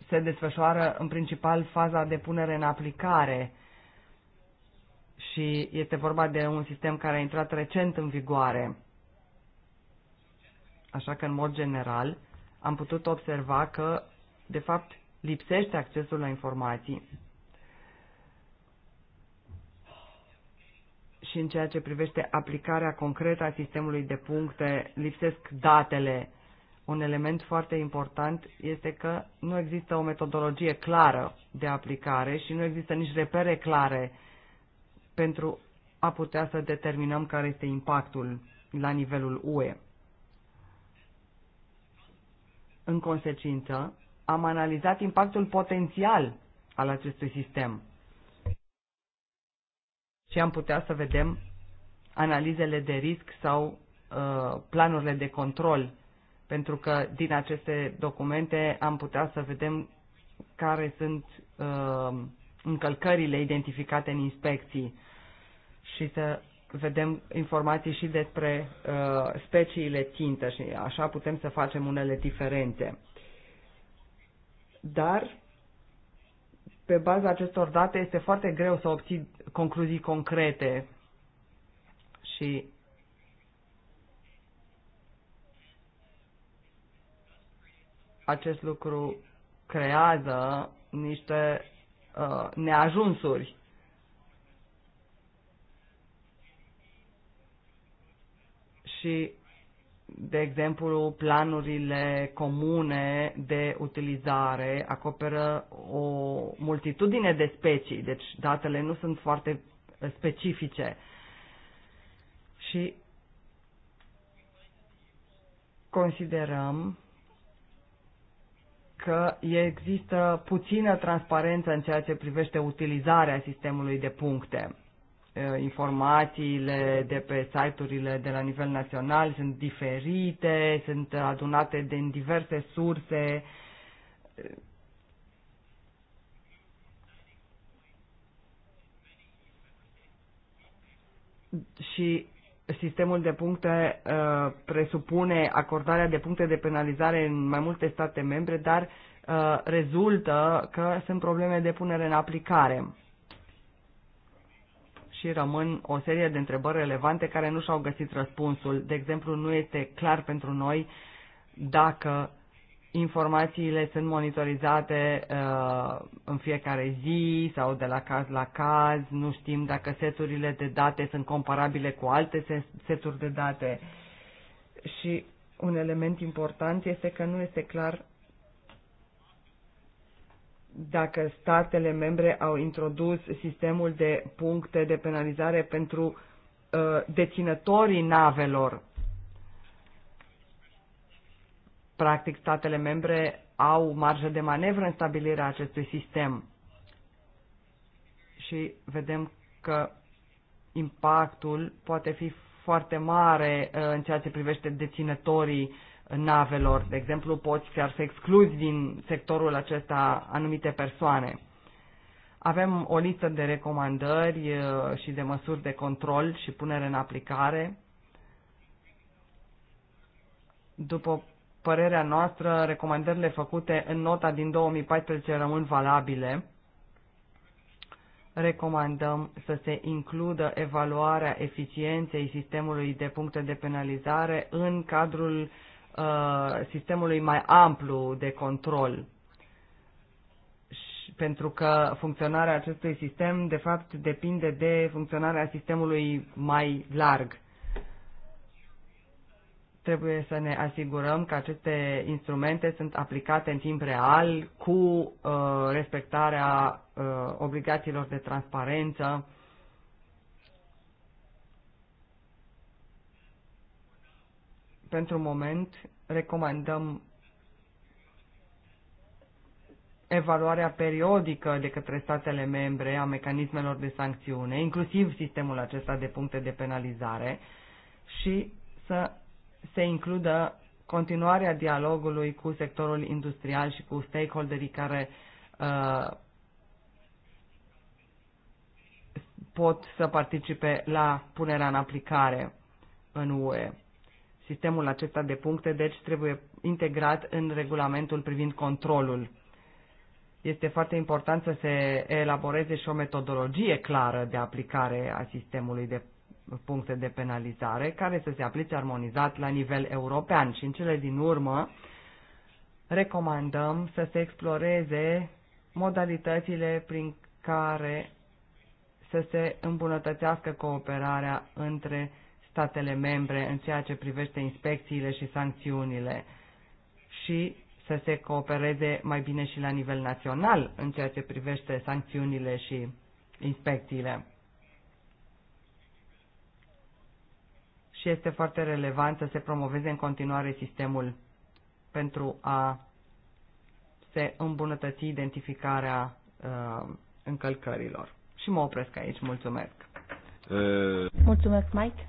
se desfășoară în principal faza de punere în aplicare și este vorba de un sistem care a intrat recent în vigoare. Așa că, în mod general, am putut observa că, de fapt, lipsește accesul la informații și în ceea ce privește aplicarea concretă a sistemului de puncte, lipsesc datele. Un element foarte important este că nu există o metodologie clară de aplicare și nu există nici repere clare pentru a putea să determinăm care este impactul la nivelul UE. În consecință, am analizat impactul potențial al acestui sistem și am putea să vedem analizele de risc sau uh, planurile de control, pentru că din aceste documente am putea să vedem care sunt uh, încălcările identificate în inspecții și să vedem informații și despre uh, speciile țintă și așa putem să facem unele diferențe. Dar pe baza acestor date este foarte greu să obții concluzii concrete și acest lucru creează niște uh, neajunsuri. Și de exemplu, planurile comune de utilizare acoperă o multitudine de specii, deci datele nu sunt foarte specifice. Și considerăm că există puțină transparență în ceea ce privește utilizarea sistemului de puncte. Eh, informațiile de pe site-urile de la nivel național sunt diferite, sunt adunate din diverse surse. Și sistemul de puncte eh, presupune acordarea de puncte de penalizare în mai multe state membre, dar eh, rezultă că sunt probleme de punere în aplicare și rămân o serie de întrebări relevante care nu și-au găsit răspunsul. De exemplu, nu este clar pentru noi dacă informațiile sunt monitorizate uh, în fiecare zi sau de la caz la caz, nu știm dacă seturile de date sunt comparabile cu alte seturi de date. Și un element important este că nu este clar dacă statele membre au introdus sistemul de puncte de penalizare pentru uh, deținătorii navelor. Practic, statele membre au marjă de manevră în stabilirea acestui sistem. Și vedem că impactul poate fi foarte mare uh, în ceea ce privește deținătorii navelor. De exemplu, poți chiar să excluzi din sectorul acesta anumite persoane. Avem o listă de recomandări uh, și de măsuri de control și punere în aplicare. După părerea noastră, recomandările făcute în nota din 2014 rămân valabile. Recomandăm să se includă evaluarea eficienței sistemului de puncte de penalizare în cadrul Uh, sistemului mai amplu de control. Pentru că funcționarea acestui sistem, de fapt, depinde de funcționarea sistemului mai larg. Trebuie să ne asigurăm că aceste instrumente sunt aplicate în timp real cu uh, respectarea uh, obligațiilor de transparență pentru moment recomandăm evaluarea periodică de către statele membre a mecanismelor de sancțiune, inclusiv sistemul acesta de puncte de penalizare, și să se includă continuarea dialogului cu sectorul industrial și cu stakeholderii care uh, pot să participe la punerea în aplicare în UE. Sistemul acesta de puncte, deci, trebuie integrat în regulamentul privind controlul. Este foarte important să se elaboreze și o metodologie clară de aplicare a sistemului de puncte de penalizare, care să se aplice armonizat la nivel european. Și în cele din urmă, recomandăm să se exploreze modalitățile prin care să se îmbunătățească cooperarea între statele membre în ceea ce privește inspecțiile și sancțiunile și să se coopereze mai bine și la nivel național în ceea ce privește sancțiunile și inspecțiile. Și este foarte relevant să se promoveze în continuare sistemul pentru a se îmbunătăți identificarea uh, încălcărilor. Și mă opresc aici. Mulțumesc! Uh. Mulțumesc, Mike!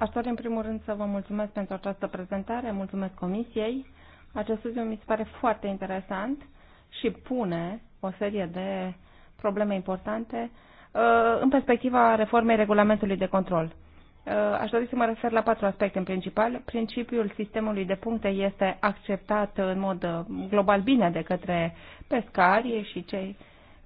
Aș dori în primul rând să vă mulțumesc pentru această prezentare, mulțumesc comisiei. Acest studiu mi se pare foarte interesant și pune o serie de probleme importante uh, în perspectiva reformei regulamentului de control. Uh, aș dori să mă refer la patru aspecte în principal. Principiul sistemului de puncte este acceptat în mod uh, global bine de către pescari și cei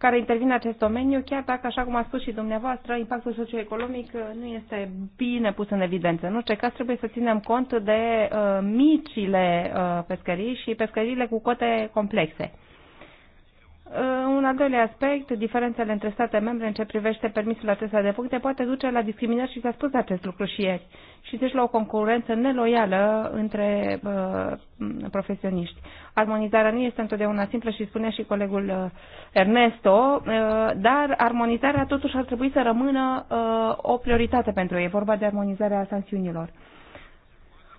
care intervin în acest domeniu, chiar dacă, așa cum a spus și dumneavoastră, impactul socioeconomic uh, nu este bine pus în evidență. În orice caz, trebuie să ținem cont de uh, micile uh, pescării și pescăriile cu cote complexe. Uh, un al doilea aspect, diferențele între state membre în ce privește permisul acesta de puncte poate duce la discriminări și s-a spus acest lucru și ieri și deci la o concurență neloială între uh, profesioniști. Armonizarea nu este întotdeauna simplă și spunea și colegul uh, Ernesto, uh, dar armonizarea totuși ar trebui să rămână uh, o prioritate pentru ei. E vorba de armonizarea sancțiunilor.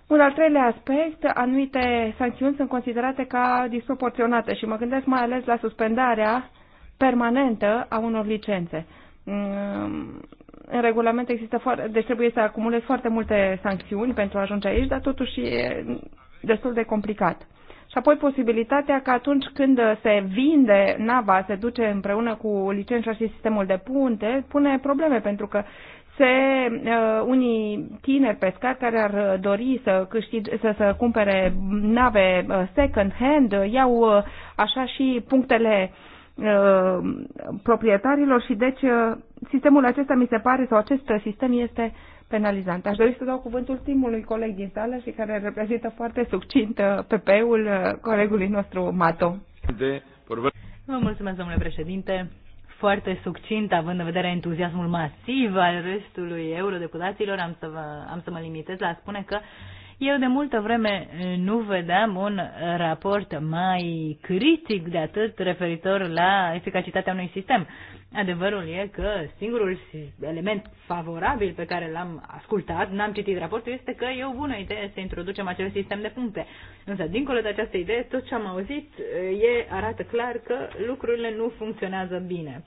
Un al treilea aspect, anumite sancțiuni sunt considerate ca disproporționate și mă gândesc mai ales la suspendarea permanentă a unor licențe. Mm, în regulament există foarte, deci trebuie să acumulezi foarte multe sancțiuni pentru a ajunge aici, dar totuși e destul de complicat. Și apoi posibilitatea că atunci când se vinde nava, se duce împreună cu licența și sistemul de punte, pune probleme pentru că se uh, unii tineri pescari care ar dori să câștige, să, să cumpere nave uh, second hand uh, iau uh, așa și punctele uh, proprietarilor și deci sistemul acesta mi se pare sau acest sistem este penalizant. Aș dori să dau cuvântul primului coleg din sală și care reprezintă foarte succint PP-ul colegului nostru Mato. De, Vă mulțumesc, domnule președinte foarte succint, având în vedere entuziasmul masiv al restului eurodeputaților, am să, vă, am să mă limitez la a spune că eu de multă vreme nu vedeam un raport mai critic de atât referitor la eficacitatea unui sistem. Adevărul e că singurul element favorabil pe care l-am ascultat, n-am citit raportul, este că e o bună idee să introducem acel sistem de puncte. Însă, dincolo de această idee, tot ce am auzit e, arată clar că lucrurile nu funcționează bine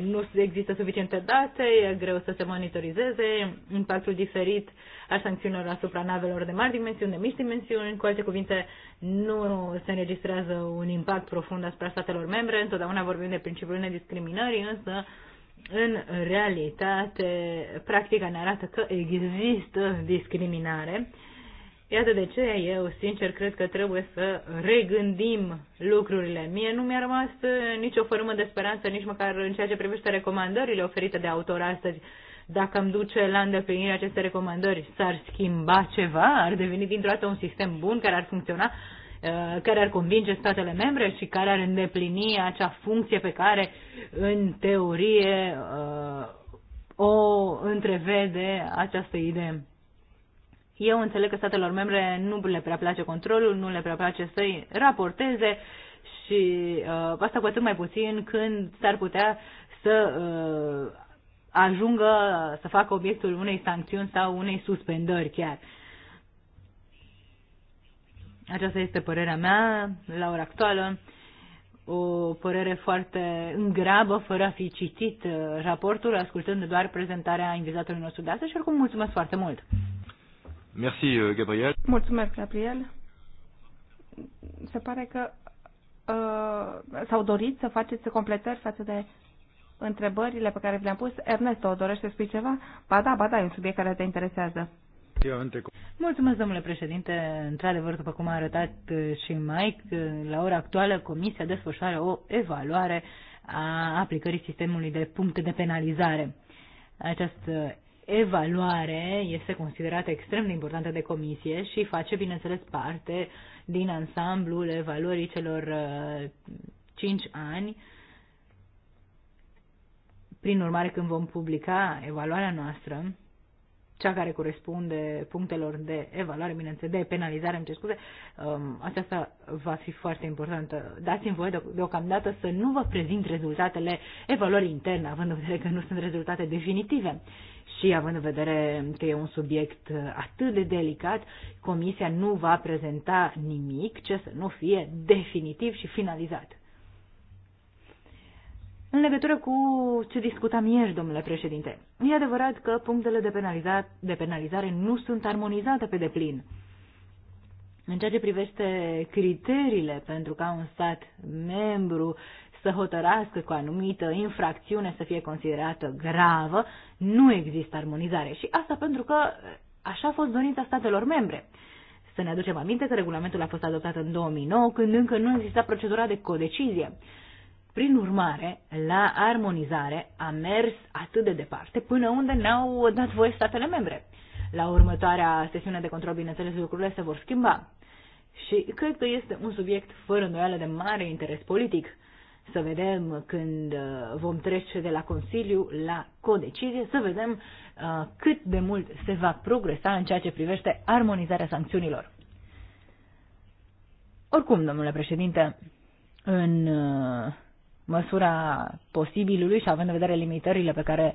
nu există suficiente date, e greu să se monitorizeze impactul diferit al sancțiunilor asupra navelor de mari dimensiuni, de mici dimensiuni. Cu alte cuvinte, nu se înregistrează un impact profund asupra statelor membre. Întotdeauna vorbim de principiul nediscriminării, însă în realitate, practica ne arată că există discriminare Iată de ce eu, sincer, cred că trebuie să regândim lucrurile. Mie nu mi-a rămas uh, nicio formă de speranță, nici măcar în ceea ce privește recomandările oferite de autor astăzi. Dacă îmi duce la îndeplinire aceste recomandări, s-ar schimba ceva? Ar deveni dintr-o dată un sistem bun care ar funcționa? Uh, care ar convinge statele membre și care ar îndeplini acea funcție pe care, în teorie, uh, o întrevede această idee. Eu înțeleg că statelor membre nu le prea place controlul, nu le prea place să-i raporteze și uh, asta cu atât mai puțin când s-ar putea să uh, ajungă să facă obiectul unei sancțiuni sau unei suspendări chiar. Aceasta este părerea mea la ora actuală, o părere foarte îngrabă, fără a fi citit uh, raportul, ascultând doar prezentarea invitatului nostru de astăzi și oricum mulțumesc foarte mult. Merci, euh, Gabriel. Mulțumesc, Gabriel. Se pare că uh, s-au dorit să faceți completări față de întrebările pe care vi le-am pus. Ernesto, dorește să spui ceva? Ba da, ba da, e un subiect care te interesează. Mulțumesc, domnule președinte. Într-adevăr, după cum a arătat uh, și Mike, uh, la ora actuală Comisia desfășoară o evaluare a aplicării sistemului de puncte de penalizare. Această evaluare este considerată extrem de importantă de comisie și face, bineînțeles, parte din ansamblul evaluării celor 5 uh, ani. Prin urmare, când vom publica evaluarea noastră, cea care corespunde punctelor de evaluare, bineînțeles, de penalizare, îmi cer scuze, um, aceasta va fi foarte importantă. Dați-mi voie de, deocamdată să nu vă prezint rezultatele evaluării interne, având în vedere că nu sunt rezultate definitive și având în vedere că e un subiect atât de delicat, Comisia nu va prezenta nimic ce să nu fie definitiv și finalizat. În legătură cu ce discutam ieri, domnule președinte, e adevărat că punctele de, penaliza- de penalizare nu sunt armonizate pe deplin. În ceea ce privește criteriile pentru ca un stat membru să hotărască că anumită infracțiune să fie considerată gravă, nu există armonizare. Și asta pentru că așa a fost dorința statelor membre. Să ne aducem aminte că regulamentul a fost adoptat în 2009, când încă nu exista procedura de codecizie. Prin urmare, la armonizare a mers atât de departe până unde n-au dat voie statele membre. La următoarea sesiune de control, bineînțeles, lucrurile se vor schimba. Și cred că este un subiect fără îndoială de mare interes politic să vedem când uh, vom trece de la Consiliu la codecizie, să vedem uh, cât de mult se va progresa în ceea ce privește armonizarea sancțiunilor. Oricum, domnule președinte, în uh, măsura posibilului și având în vedere limitările pe care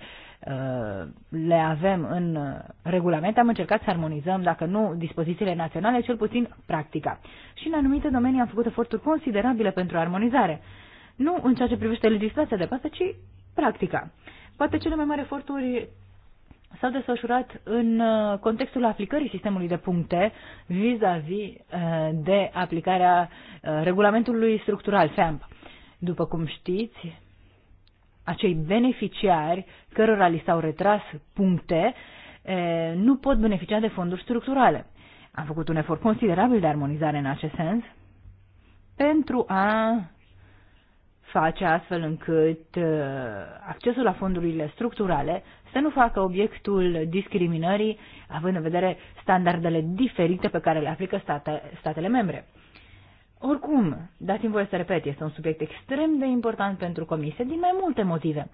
le avem în regulament, am încercat să armonizăm, dacă nu dispozițiile naționale, cel puțin practica. Și în anumite domenii am făcut eforturi considerabile pentru armonizare nu în ceea ce privește legislația de bază, ci practica. Poate cele mai mari eforturi s-au desfășurat în uh, contextul aplicării sistemului de puncte vis-a-vis -vis uh, de aplicarea uh, regulamentului structural FEMP. După cum știți, acei beneficiari cărora li s-au retras puncte nu pot beneficia de fonduri structurale. Am făcut un efort considerabil de armonizare în acest sens pentru a face astfel încât uh, accesul la fondurile structurale să nu facă obiectul discriminării, având în vedere standardele diferite pe care le aplică state, statele membre. Oricum, dați-mi voie să repet, este un subiect extrem de important pentru comisie din mai multe motive.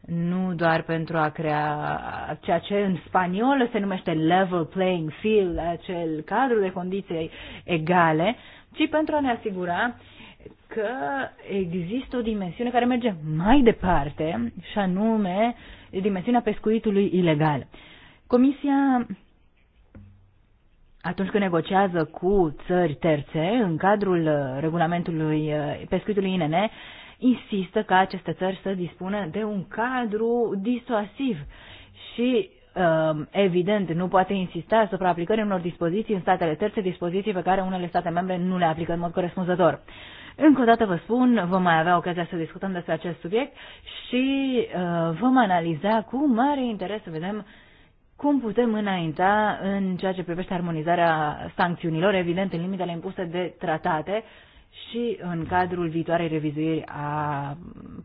Nu doar pentru a crea ceea ce în spaniolă se numește level playing field, acel cadru de condiții egale, ci pentru a ne asigura că există o dimensiune care merge mai departe, și anume dimensiunea pescuitului ilegal. Comisia, atunci când negociază cu țări terțe, în cadrul regulamentului uh, pescuitului INN, insistă ca aceste țări să dispună de un cadru disuasiv și uh, evident, nu poate insista asupra aplicării unor dispoziții în statele terțe, dispoziții pe care unele state membre nu le aplică în mod corespunzător. Încă o dată vă spun, vom mai avea ocazia să discutăm despre acest subiect și uh, vom analiza cu mare interes să vedem cum putem înainta în ceea ce privește armonizarea sancțiunilor, evident în limitele impuse de tratate și în cadrul viitoarei revizuiri a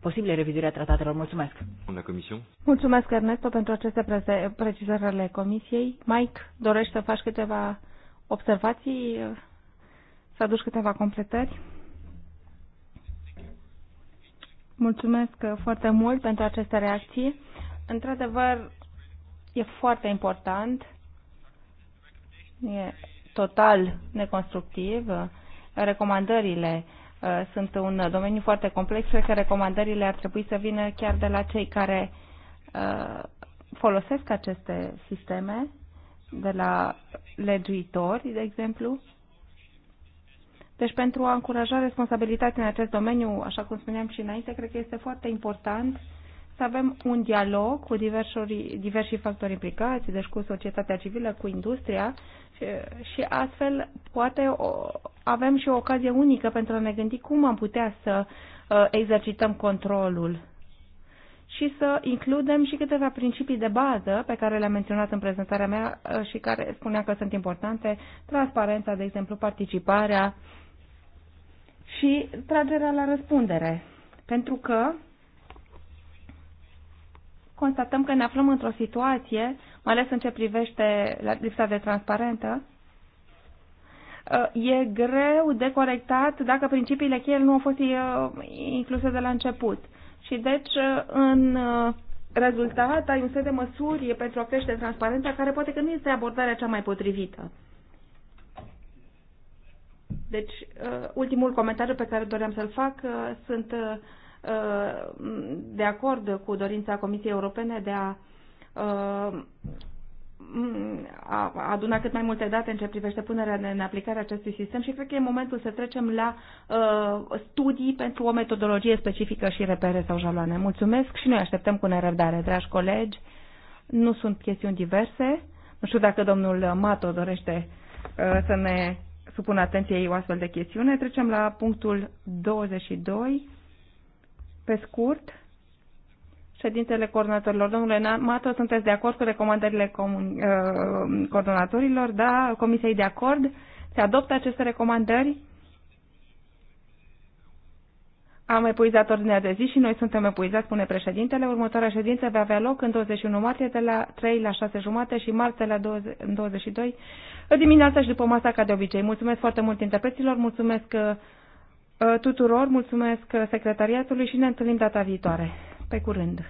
posibile revizuiri a tratatelor. Mulțumesc. La comision. Mulțumesc Ernesto pentru aceste precizări ale comisiei. Mike, dorești să faci câteva observații, să aduci câteva completări? Mulțumesc uh, foarte mult pentru aceste reacții. Într-adevăr, e foarte important, e total neconstructiv. Recomandările uh, sunt un domeniu foarte complex, cred că recomandările ar trebui să vină chiar de la cei care uh, folosesc aceste sisteme, de la legiuitori, de exemplu, deci pentru a încuraja responsabilitatea în acest domeniu, așa cum spuneam și înainte, cred că este foarte important să avem un dialog cu diversi, diversi factori implicați, deci cu societatea civilă, cu industria și, și astfel poate o, avem și o ocazie unică pentru a ne gândi cum am putea să uh, exercităm controlul și să includem și câteva principii de bază pe care le-am menționat în prezentarea mea uh, și care spunea că sunt importante, transparența, de exemplu, participarea, uh, și tragerea la răspundere. Pentru că constatăm că ne aflăm într-o situație, mai ales în ce privește lipsa de transparentă, uh, e greu de corectat dacă principiile cheie nu au fost uh, incluse de la început. Și deci, uh, în rezultat, ai un set de măsuri pentru a crește transparența, care poate că nu este abordarea cea mai potrivită. Deci, uh, ultimul comentariu pe care doream să-l fac, uh, sunt uh, de acord cu dorința Comisiei Europene de a a aduna cât mai multe date în ce privește punerea în aplicare acestui sistem și cred că e momentul să trecem la uh, studii pentru o metodologie specifică și repere sau jaloane. Mulțumesc și noi așteptăm cu nerăbdare, dragi colegi. Nu sunt chestiuni diverse. Nu știu dacă domnul Mato dorește uh, să ne supun atenției o astfel de chestiune. Trecem la punctul 22. Pe scurt, ședințele coordonatorilor. Domnule Mato, sunteți de acord cu recomandările comun, uh, coordonatorilor? Da, comisiei de acord? Se adoptă aceste recomandări? Am epuizat ordinea de zi și noi suntem epuizați, spune președintele. Următoarea ședință va avea loc în 21 martie de la 3 la 6 jumate și marți la 20, 22 dimineața și după masa ca de obicei. Mulțumesc foarte mult interpreților, mulțumesc uh, uh, tuturor, mulțumesc uh, secretariatului și ne întâlnim data viitoare. Pe curând!